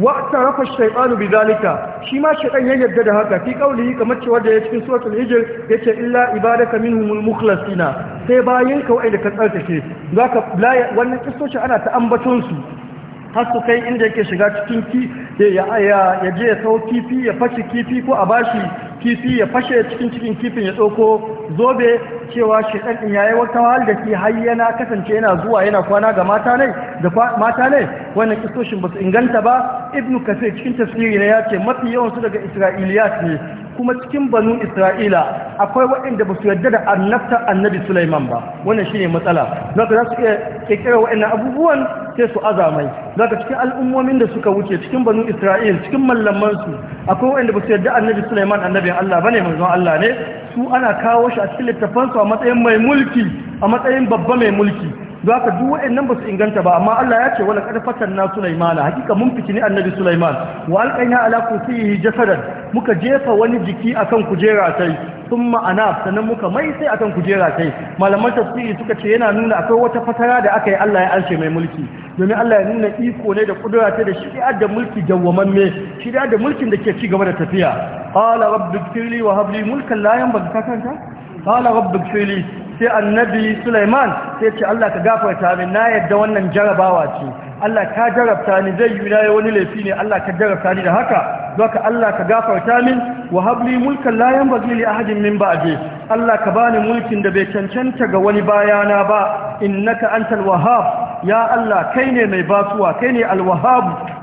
واقترف الشيطان بذلك شي ما شيطان يجدد هكا في kamar كما تشوا ya cikin suratul hijr yace illa ibadaka minhumul mukhlasina sai bayin ka wa'ida ka tsarkake zaka wannan kistoci ana ta ambaton su har su kai inda yake shiga cikin ki ya ya je ya sau kifi ya fashi kifi ko a bashi kifi ya fashe cikin cikin kifin ya ɗauko zobe cewa shaitan ɗin yayi wata wahal da ke har yana kasance yana zuwa yana kwana ga mata ne da mata ne wannan kisoshin ba su inganta ba ibnu kasir cikin tafsiri ne ya ce mafi yawansu daga isra'iliyat ne kuma cikin banu isra'ila akwai waɗanda ba su yarda da annabta annabi sulaiman ba wannan shine matsala zaka za su iya kirkira waɗannan abubuwan sai su azamai zaka cikin al'ummomin da suka wuce cikin banu isra'il cikin mallaman akwai waɗanda ba su yarda annabi sulaiman annabi annabin Allah bane manzon Allah ne su ana kawo shi a cikin littafansu a matsayin mai mulki a matsayin babba mai mulki don haka duk waɗannan ba su inganta ba amma Allah ya ce wala kad na Sulaiman hakika mun ni annabi Sulaiman wa alqaina ala kursiyihi jasadan muka jefa wani jiki akan kujera sai thumma ana sanan muka mai sai akan kujera sai malaman tafsiri suka ce yana nuna akwai wata fatara da aka yi Allah ya alce mai mulki domin Allah ya nuna iko ne da kudura ta da shari'ar da mulki dawwamamme shari'ar da mulkin da ke ci gaba da tafiya qala rabbi wa habli mulkan la yanbaghi kanta qala rabb ighfirli sai annabi Sulaiman sai ce Allah ka gafarta min na yadda wannan jarabawa ce Allah ka jarabta ni zai yi nayi wani laifi ne Allah ka jarabta ni da haka doka Allah ka gafarta min wa habli mulkan la yanbaghi a ahadin min je. Allah ka bani mulkin da bai cancanta ga wani bayana ba innaka antal wahhab ya Allah kai ne mai basuwa kai ne al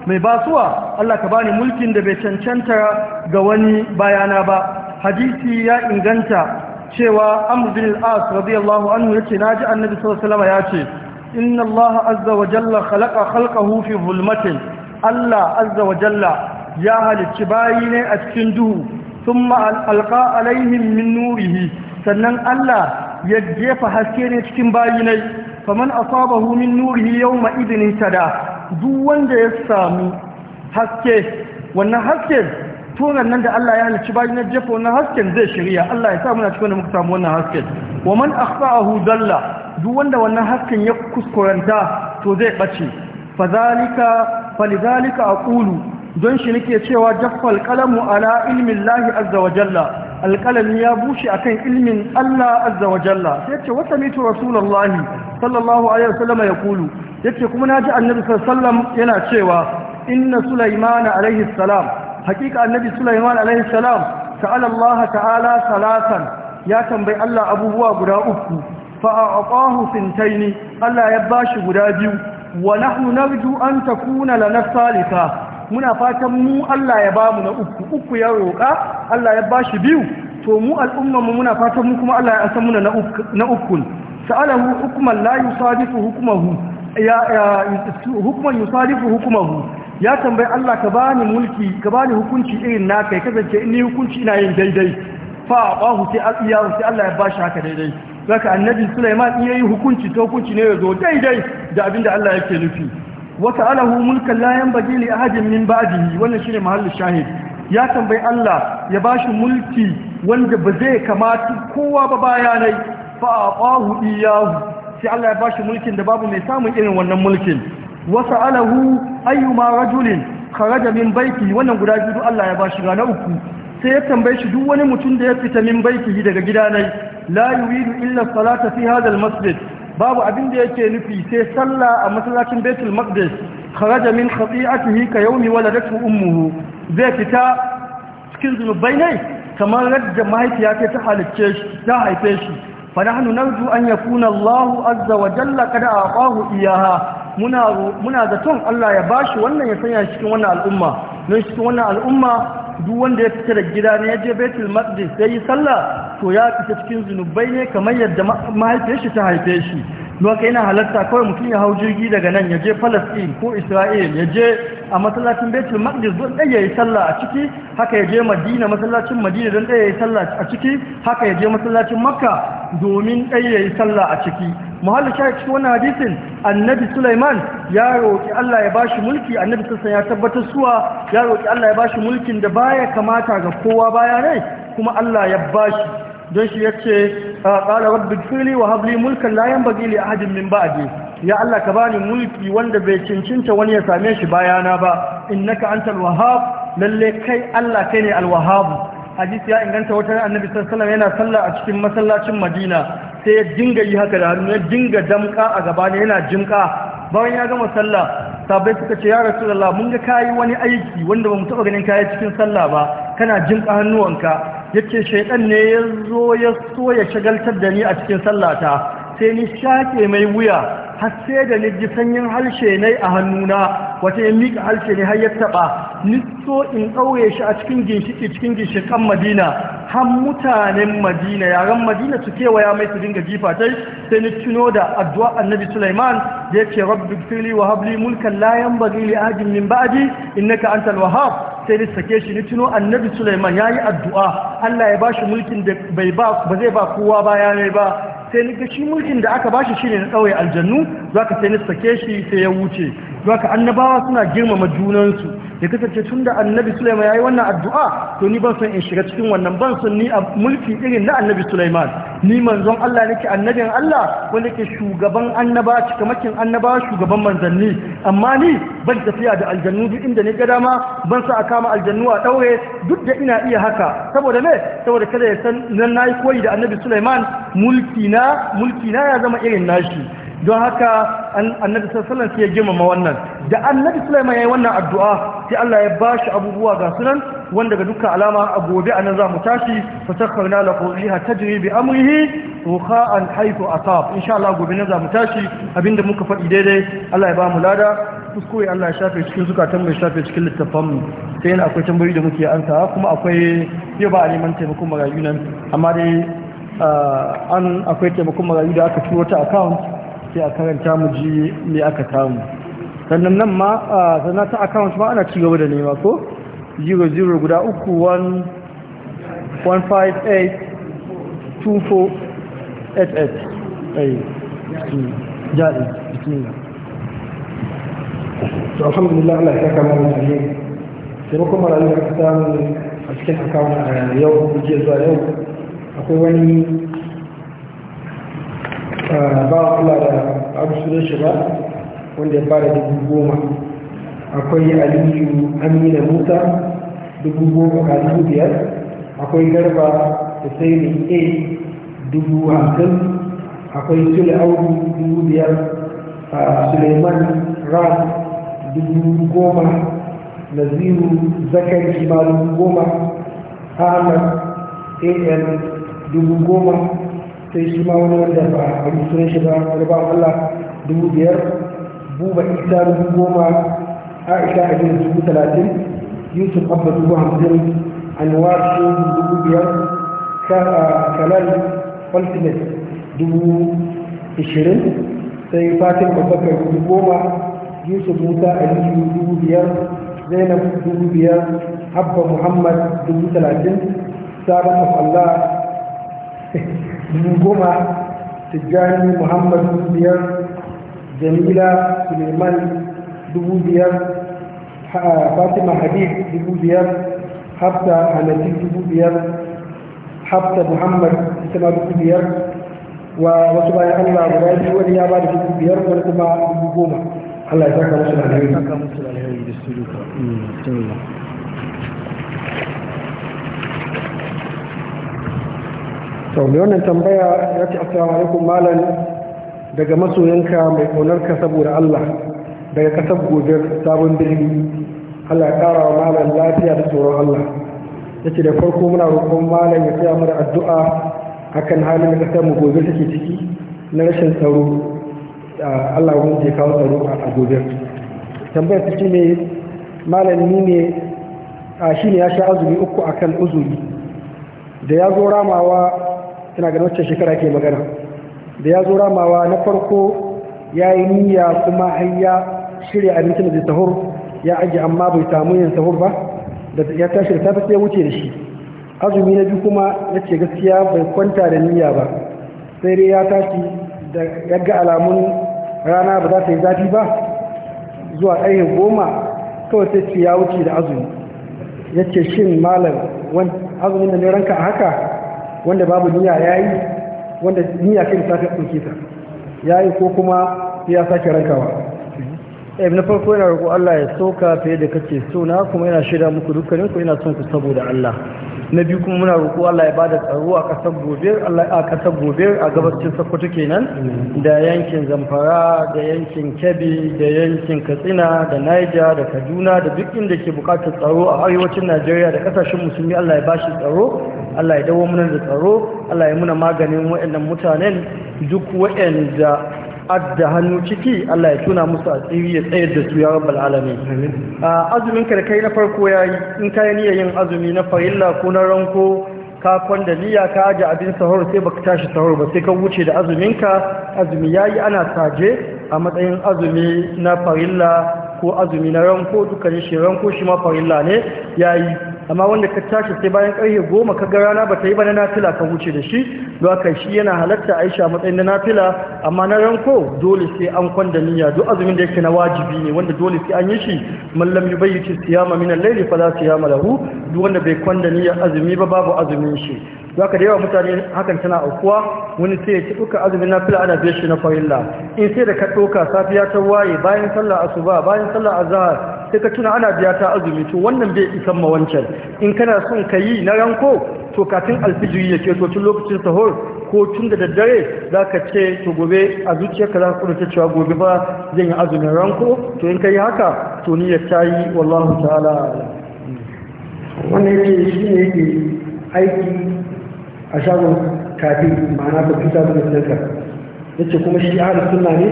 mai basuwa Allah ka bani mulkin da bai cancanta ga wani bayana ba hadisi ya inganta cewa amr bin as radiyallahu anhu yace naji annabi sallallahu ya ce yace inna allah azza wa jalla khalaqa khalqahu fi zulmatin allah azza wa jalla ya halicci bayi ne a cikin duhu thumma alqa alaihim min nurihi sannan allah ya jefa haske ne cikin bayi ne faman asabahu min nurihi yawma idin tada duk wanda ya samu haske wannan hasken turan nan da Allah ya halicci bayan na jefa wannan hasken zai shirya Allah ya sa muna cikin da muka samu wannan hasken wa man akhfa'ahu dalla duk wanda wannan hasken ya kuskuranta to zai bace fadhalika falidhalika aqulu don shi nake cewa jaffal qalamu ala ilmi Allah azza wa jalla alqalami ya bushe akan ilmin Allah azza wa jalla sai ce wa samitu rasulullahi sallallahu alaihi wasallam yaqulu yace kuma naji annabi sallallahu alaihi wasallam yana cewa inna sulaimana alaihi salam Haƙiƙa annabi Sulaiman alaihi salam ta'ala Allah ta'ala salasan ya tambayi Allah abubuwa guda uku fa aqahu sintaini Allah ya bashi guda biyu wa nahnu narju an takuna lana salisa muna fatan mu Allah ya bamu na uku uku ya roƙa Allah ya bashi biyu to mu al'umma mu muna fatan mu kuma Allah ya asa muna na uku sa'alahu hukman la yusadifu hukmahu ya hukman yusadifu hukmahu ya tambayi Allah ka bani mulki ka bani hukunci irin naka kai, kasance in ni hukunci ina yin daidai fa abahu sai Allah sai Allah ya bashi haka daidai saka annabi Sulaiman in yayi hukunci to hukunci ne yazo daidai da abinda Allah yake nufi wa ta'alahu mulkan la yanbaghi li ahadin min ba'dihi wannan shine mahallin shahid ya tambayi Allah ya bashi mulki wanda ba zai kamata kowa ba bayanai fa abahu iyahu sai Allah ya bashi mulkin da babu mai samun irin wannan mulkin wasu alahu ayyuma rajulin kharaja min baiti wannan guda biyu Allah ya bashi ga na uku sai ya tambaye shi duk wani mutum da ya fita min baiti daga gidanai la yuridu illa salata fi hadha masjid babu abin da yake nufi sai sallah a masallacin baitul maqdis kharaja min khati'atihi ka yawmi waladatu ummuhu zai fita cikin zunubai ne kamar radda mahaifiya ta halicce shi ta haife shi fa nahnu narju an yakuna Allahu azza wa jalla qad aqahu iyaha muna zaton Allah ya bashi wannan ya sanya cikin wannan al'umma don cikin wannan al'umma duk wanda ya fita da gida ne ya je betul maɗis ya yi sallah to ya fita cikin zunubai ne kamar yadda mahaifiyar shi ta haife shi doka yana halatta kawai mutum ya hau jirgi daga nan ya je palestine ko isra'il ya je a masallacin betul maqdis don ɗaya yi sallah a ciki haka ya je madina masallacin madina don ɗaya ya yi sallah a ciki haka ya je masallacin makka domin ɗaya yi sallah a ciki muhalli shi cikin wannan hadisin annabi sulaiman ya roƙi allah ya bashi mulki annabi sassan ya tabbatar suwa ya roƙi allah ya bashi mulkin da baya kamata ga kowa baya ne kuma allah ya bashi don shi ya ce ƙara ah, rabbi fili wa habli mulkan layan bagi li ahadin min ba'di ya Allah ka bani mulki wanda bai cincinta wani ya same shi bayana ba innaka antal wahhab lalle kai Allah kai ne al wahhab hadisi ya inganta wata annabi sallallahu yana sallah a cikin masallacin Madina sai ya dinga yi haka da hannu ya dinga damka a gaba ne yana jimka bayan ya gama sallah sabai suka ce ya rasulullah mun ga kayi wani aiki wanda bamu taba ganin kaya cikin sallah ba kana jimka hannuwanka yace shaiɗan ne ya zo ya so ya shagaltar da ni a cikin sallata sai ni shake mai wuya har da ni ji sanyin harshe ne a hannuna wata ya miƙa harshe ne har ya taɓa ni in ɗaure shi a cikin ginshiki cikin ginshikan madina har mutanen madina yaren madina su kewaya mai su dinga jifa tai sai ni tuno da addu'a annabi sulaiman da ya ce rabbi fili wa habli mulkan la yanbaghi li ahadin min ba'di innaka antal wahhab sai da sake shi ni tuno annabi Sulaiman yayi addu'a Allah ya bashi mulkin da bai ba ba zai ba kowa ba ya ne ba sai ni mulkin da aka bashi shine na ɗauye aljannu zaka sai ni sake shi sai ya wuce zaka annabawa suna girmama junansu ya kasance tun da annabi Sulaiman ya yi wannan addu'a to ni ban son in shiga cikin wannan ban son ni a mulki irin na annabi Sulaiman ni manzon Allah nake annabin Allah wanda ke shugaban annaba cikamakin annaba shugaban manzanni amma ni ban tafiya da aljannu duk inda ni gada ma, ban sa a kama aljannu a ɗaure. duk da ina iya haka saboda me saboda kada ya san nan nayi koyi da annabi Sulaiman mulki na mulki na ya zama irin nashi don haka annabi sallallahu alaihi ya girmama wannan da annabi sulaiman yi wannan addu'a sai Allah ya bashi abubuwa ga sunan wanda ga dukkan alama a gobe anan za mu tashi fa sakharna lahu ta tajri bi amrihi a haythu asab insha Allah gobe ne za mu tashi abinda muka faɗi daidai Allah ya ba mu lada kuskure Allah ya shafe cikin zukatan mai shafe cikin littafan mu sai yana akwai tambayoyi da muke ansa kuma akwai yau ba a neman taimakon marayu nan amma dai ah, an akwai taimakon marayu da aka ciwo ta account sai a karanta mu ji me aka samu sannan nan ma a sannan ta account ma ana cigaba da nema ko 00 guda 3 158 2488
ai jadi bismillah to alhamdulillah Allah ya kama mana da alheri sai kuma ranar da a cikin account a yau jiya zuwa yau akwai wani ba kula da abu su shi ba wanda ya fara dubu goma akwai aliyu amina musa dubu goma a dubu biyar akwai garba da sai da a dubu hamsin akwai sule audu dubu biyar suleiman ras dubu goma naziru zakar shi ma dubu goma ahmad an dubu goma sai shi ma wani wanda ba a suna shi ba wani ba Allah dubu biyar buba isa dubu goma aisha a jini dubu talatin yusuf abba dubu hamsin anwar shi dubu biyar kalal ultimate dubu ishirin sai fatin babakar dubu goma yusuf musa aliyu dubu biyar zainab dubu biyar abba muhammad dubu talatin sabon Allah dubu goma tijjani muhammad dubu biyar jamila suleiman dubu biyar fatima Habib dubu biyar hafta hanafi dubu biyar hafta muhammad ita dubu biyar wa wasu bayan allah guda biyu wani ya ba da dubu biyar wani kuma dubu goma allah ya saka musu alheri sau wannan tambaya ya ce assalamu kuma malam daga masoyanka mai ƙaunarka saboda Allah daga kasar gobe sabon birni Allah ya ƙara wa malam lafiya da tsoron Allah ya ce da farko muna roƙon malam ya tsaya mana addu'a a kan halin da kasar mu gobe take ciki na rashin tsaro Allah wani je kawo tsaro a gobe tambayar ta ne malam ni ne a shi ne ya sha azumi uku akan uzuri da ya zo ramawa Yana ganin wacce shekara ke magana da ya zo ramawa na farko ya yi niyya kuma har ya shirya abincin da sahur ya aji amma bai samu yin sahur ba da ya tashi da tafi sai ya wuce da shi azumi na biyu kuma ya ce gaskiya bai kwanta da niyya ba sai dai ya tashi da ya ga alamun rana ba za ta yi zafi ba zuwa ɗaya goma kawai sai ce ya wuce da azumi ya ce shin malam azumin da ne ranka a haka wanda babu niyya ya yi wanda niyya kai ta ɗauke ta ya yi ko kuma ya sake rankawa
na farko yana roƙo Allah ya soka fiye da kake so na kuma yana shaida muku dukkanin ku ina son ku saboda Allah na biyu kuma muna roƙo Allah ya bada tsaro a ƙasar gobe Allah a ƙasar gobe a gabacin Sokoto kenan da yankin Zamfara da yankin Kebbi da yankin Katsina da Niger da Kaduna da duk inda ke buƙatar tsaro a arewacin Najeriya da ƙasashen musulmi Allah ya bashi tsaro Allah ya dawo mana da tsaro Allah ya muna maganin waɗannan mutanen duk waɗanda adda hannu ciki Allah ya tuna musu asiri ya tsayar da su ya rabbal alamin azumin ka da kai na farko yi in ka yi yin azumi na farilla ko na ranko ka kwanda niyya ka aje abin sahur sai baka tashi sahur ba sai ka wuce da azumin ka azumi yayi ana saje a matsayin azumi na farilla ko azumi na ranko dukkanin shi ranko shi ma farilla ne yayi amma wanda ka tashi sai bayan ƙarfe goma ka ga rana ba ta yi ba na nafila ka wuce da shi don shi yana halatta aisha matsayin na nafila amma na ranko dole sai an kwanda niyya duk azumin da yake na wajibi ne wanda dole sai an yi shi mallam yubayyitu siyama min al-layli fala siyama lahu duk wanda bai kwanda niyya azumi ba babu azumin shi za ka da mutane hakan tana aukuwa wani sai ya ci duka azumin nafila ana biyar shi na farinla in sai da ka ɗauka safiya ta waye bayan sallah asuba bayan sallah azhar sai ka tuna ana biya ta azumi to wannan bai isan ma wancan in kana son ka yi na ranko to kafin alfijiri ya ke tun lokacin sahur ko tun da daddare za ka ce to gobe a zuciyarka za ka ta cewa gobe ba zan yi azumin ranko to in ka yi haka to niyyar ta yi wallahu ta'ala wannan
yake shi ne yake aiki a shagon kafi ma'ana fita da mutunanka ya ce kuma shi ahalar suna ne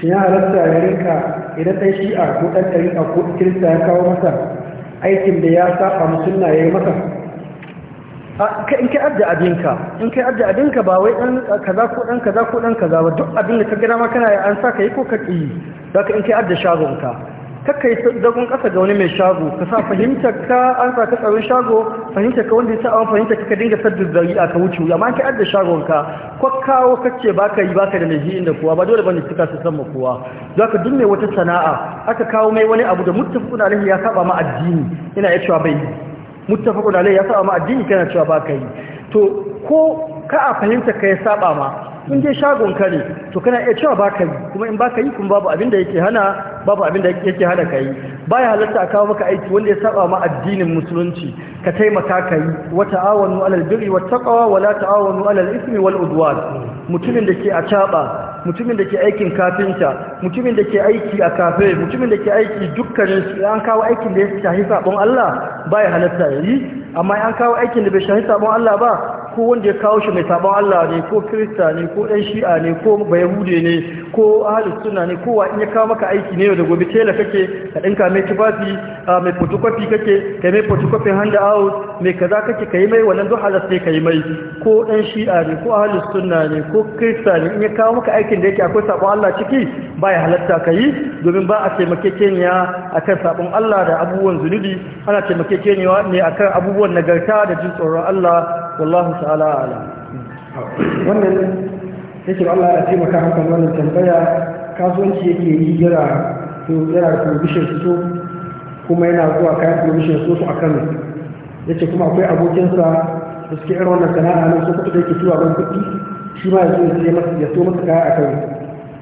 shi ya halatta ya rinka idan ɗan shi'a ko ɗan ɗariƙa ko kirista ya kawo masa aikin da ya saba musulna ya yi masa in kai adda abinka in kai adda abinka ba wai ɗan
kaza ko ɗan kaza ko ɗan kaza ba duk abin da ka gina ma kana an sa ka yi ko ka ƙi za ka in kai adda shagonka kakka yi dagon ƙasa ga wani mai shago ka sa fahimtar ka an sa ka tsaron shago fahimtar ka wanda ya sa an fahimtar ka dinga saddu zari a ka wuce amma ka adda shagon ka ko kawo kace baka yi baka da mai ji da kowa ba dole bane suka su san kowa za ka dunne wata sana'a aka kawo mai wani abu da muttafaqun alaihi ya saba ma addini ina ya cewa bai muttafaqun alaihi ya saba ma addini kana cewa baka yi to ko ka a fahimta ka ya saba ma in dai shagon ka ne to kana iya cewa baka yi kuma in baka yi kuma babu abin da yake hana babu abin da yake hana ka yi baya halatta a kawo maka aiki wanda ya saba ma addinin musulunci ka taimaka ka yi wa ta'awanu alal birri wa taqwa wa la ta'awanu alal ismi wal udwan mutumin da ke a caba mutumin da ke aikin kafinta mutumin da ke aiki a kafe mutumin da ke aiki dukkanin an kawo aikin da ya shahi sabon Allah baya halatta yi amma an kawo aikin da bai shahi sabon Allah ba ko wanda ya kawo shi mai sabon Allah ne ko Kirista ne ko ɗan Shi'a ne ko Bayahude ne ko ahalus suna ne kowa in ya kawo maka aiki ne da gobe tela kake ka dinka mai tufafi mai photocopy kake ka mai photocopy hand out mai kaza kake kai mai wannan duk halas sai kai mai ko ɗan Shi'a ne ko ahalus suna ne ko Kirista ne in ya kawo maka aikin da yake akwai sabon Allah ciki ba ya halatta kai domin ba a taimake a akan sabon Allah da abubuwan zunubi ana taimake kenya ne akan
abubuwan nagarta da jin tsoron Allah wallahu ta'ala ala wannan yake Allah ya taimaka hakan wannan tambaya kasuwanci yake yi yana to yana provision su kuma yana zuwa kayan provision su su a Kano yace kuma akwai abokinsa da suke irin wannan sana'a nan su kuɗi yake zuwa ban kuɗi shi ma ya masa ya so masa kaya a Kano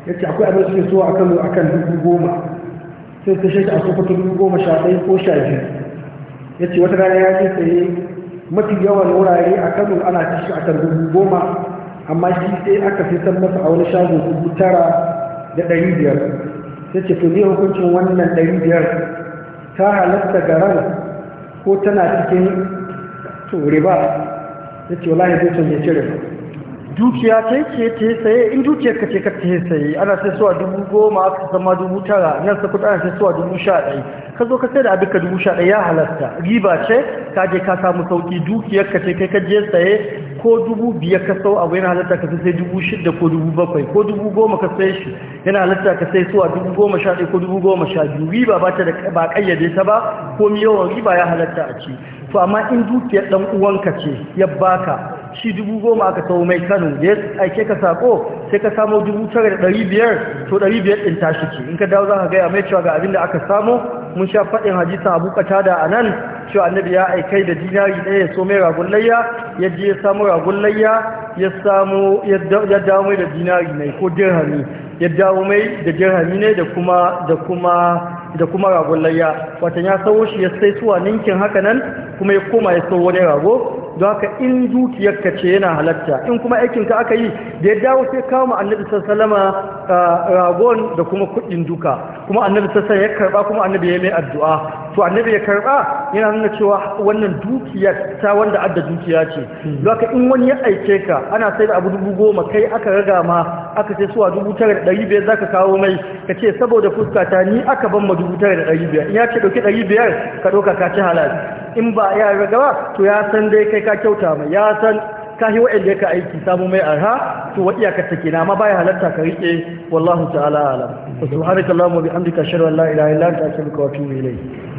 yace akwai abin suke so a Kano akan dubu goma sai ta shi a sokoto dubu goma sha ɗaya ko sha biyu yace wata rana ya ce saye mafi yawan wurare a kano ana ci kan dubu goma amma shi sai aka fi san masa a wani shago dubu tara da ɗari biyar sai ce tuni hukuncin wannan ɗari biyar ta halatta garan ko tana cikin riba ya ce wallahi zai canje ci riba dukiya
ta ce ta yi saye in dukiyar ka ce ka ta yi saye ana sai suwa dubu goma aka sama dubu tara nan sa kudi ana sai suwa dubu sha ɗaya ka zo ka sai da abinka dubu sha ɗaya ya halasta riba ce ka je ka samu sauki dukiyar ka ce kai ka je saye ko dubu biyar ka sau abu yana halatta ka sai dubu shida ko dubu bakwai ko dubu goma ka sai shi yana halatta ka sai suwa dubu goma sha ɗaya ko dubu goma sha biyu riba ba ta da ba ƙayyade ta ba ko yawan riba ya halatta a ci to amma in dukiyar ɗan uwanka ce ya baka shi dubu goma aka sau mai kano da ya aike ka sako sai ka samo dubu tara da ɗari biyar to ɗari biyar ɗin tashi ki, in ka dawo za ka gaya mai cewa ga abin da aka samo mun sha faɗin hadisan abu da a nan cewa annabi ya aika da dinari ɗaya ya so mai ragun layya ya je ya samu ragun layya ya samu ya dawo mai da dinari mai ko dirhami ya dawo mai da dirhami ne da kuma da kuma da kuma ragon layya watan ya sawo shi ya sai suwa ninkin haka nan kuma ya koma ya sau wani rago don haka in dukiyarka ce yana halatta in kuma aikinka aka yi da ya dawo sai kawo ma annabi sallama uh, ragon da kuma kudin duka kuma annabi sallama ya karba kuma annabi ya mai addu'a to annabi ya karba yana nuna cewa wannan dukiyar ta wanda adda dukiya ce don haka in wani ya aike ka ana sai da abu dubu goma kai aka raga ma aka sai suwa dubu tara da ɗari biyar za ka kawo mai ka ce saboda fuska ta ni aka ban ma dubu tara da ɗari biyar in ya ce ɗauki ɗari biyar ka ɗauka ka ci halal in ba ya raga ba to ya san dai kai ka kyauta mai ya san ka yi wa'anda ka aiki samu mai arha to wa iyakar take na amma baya halarta ka riƙe wallahu ta'ala alam subhanakallahumma wa bihamdika ashhadu an la ilaha illa anta astaghfiruka wa atubu ilayk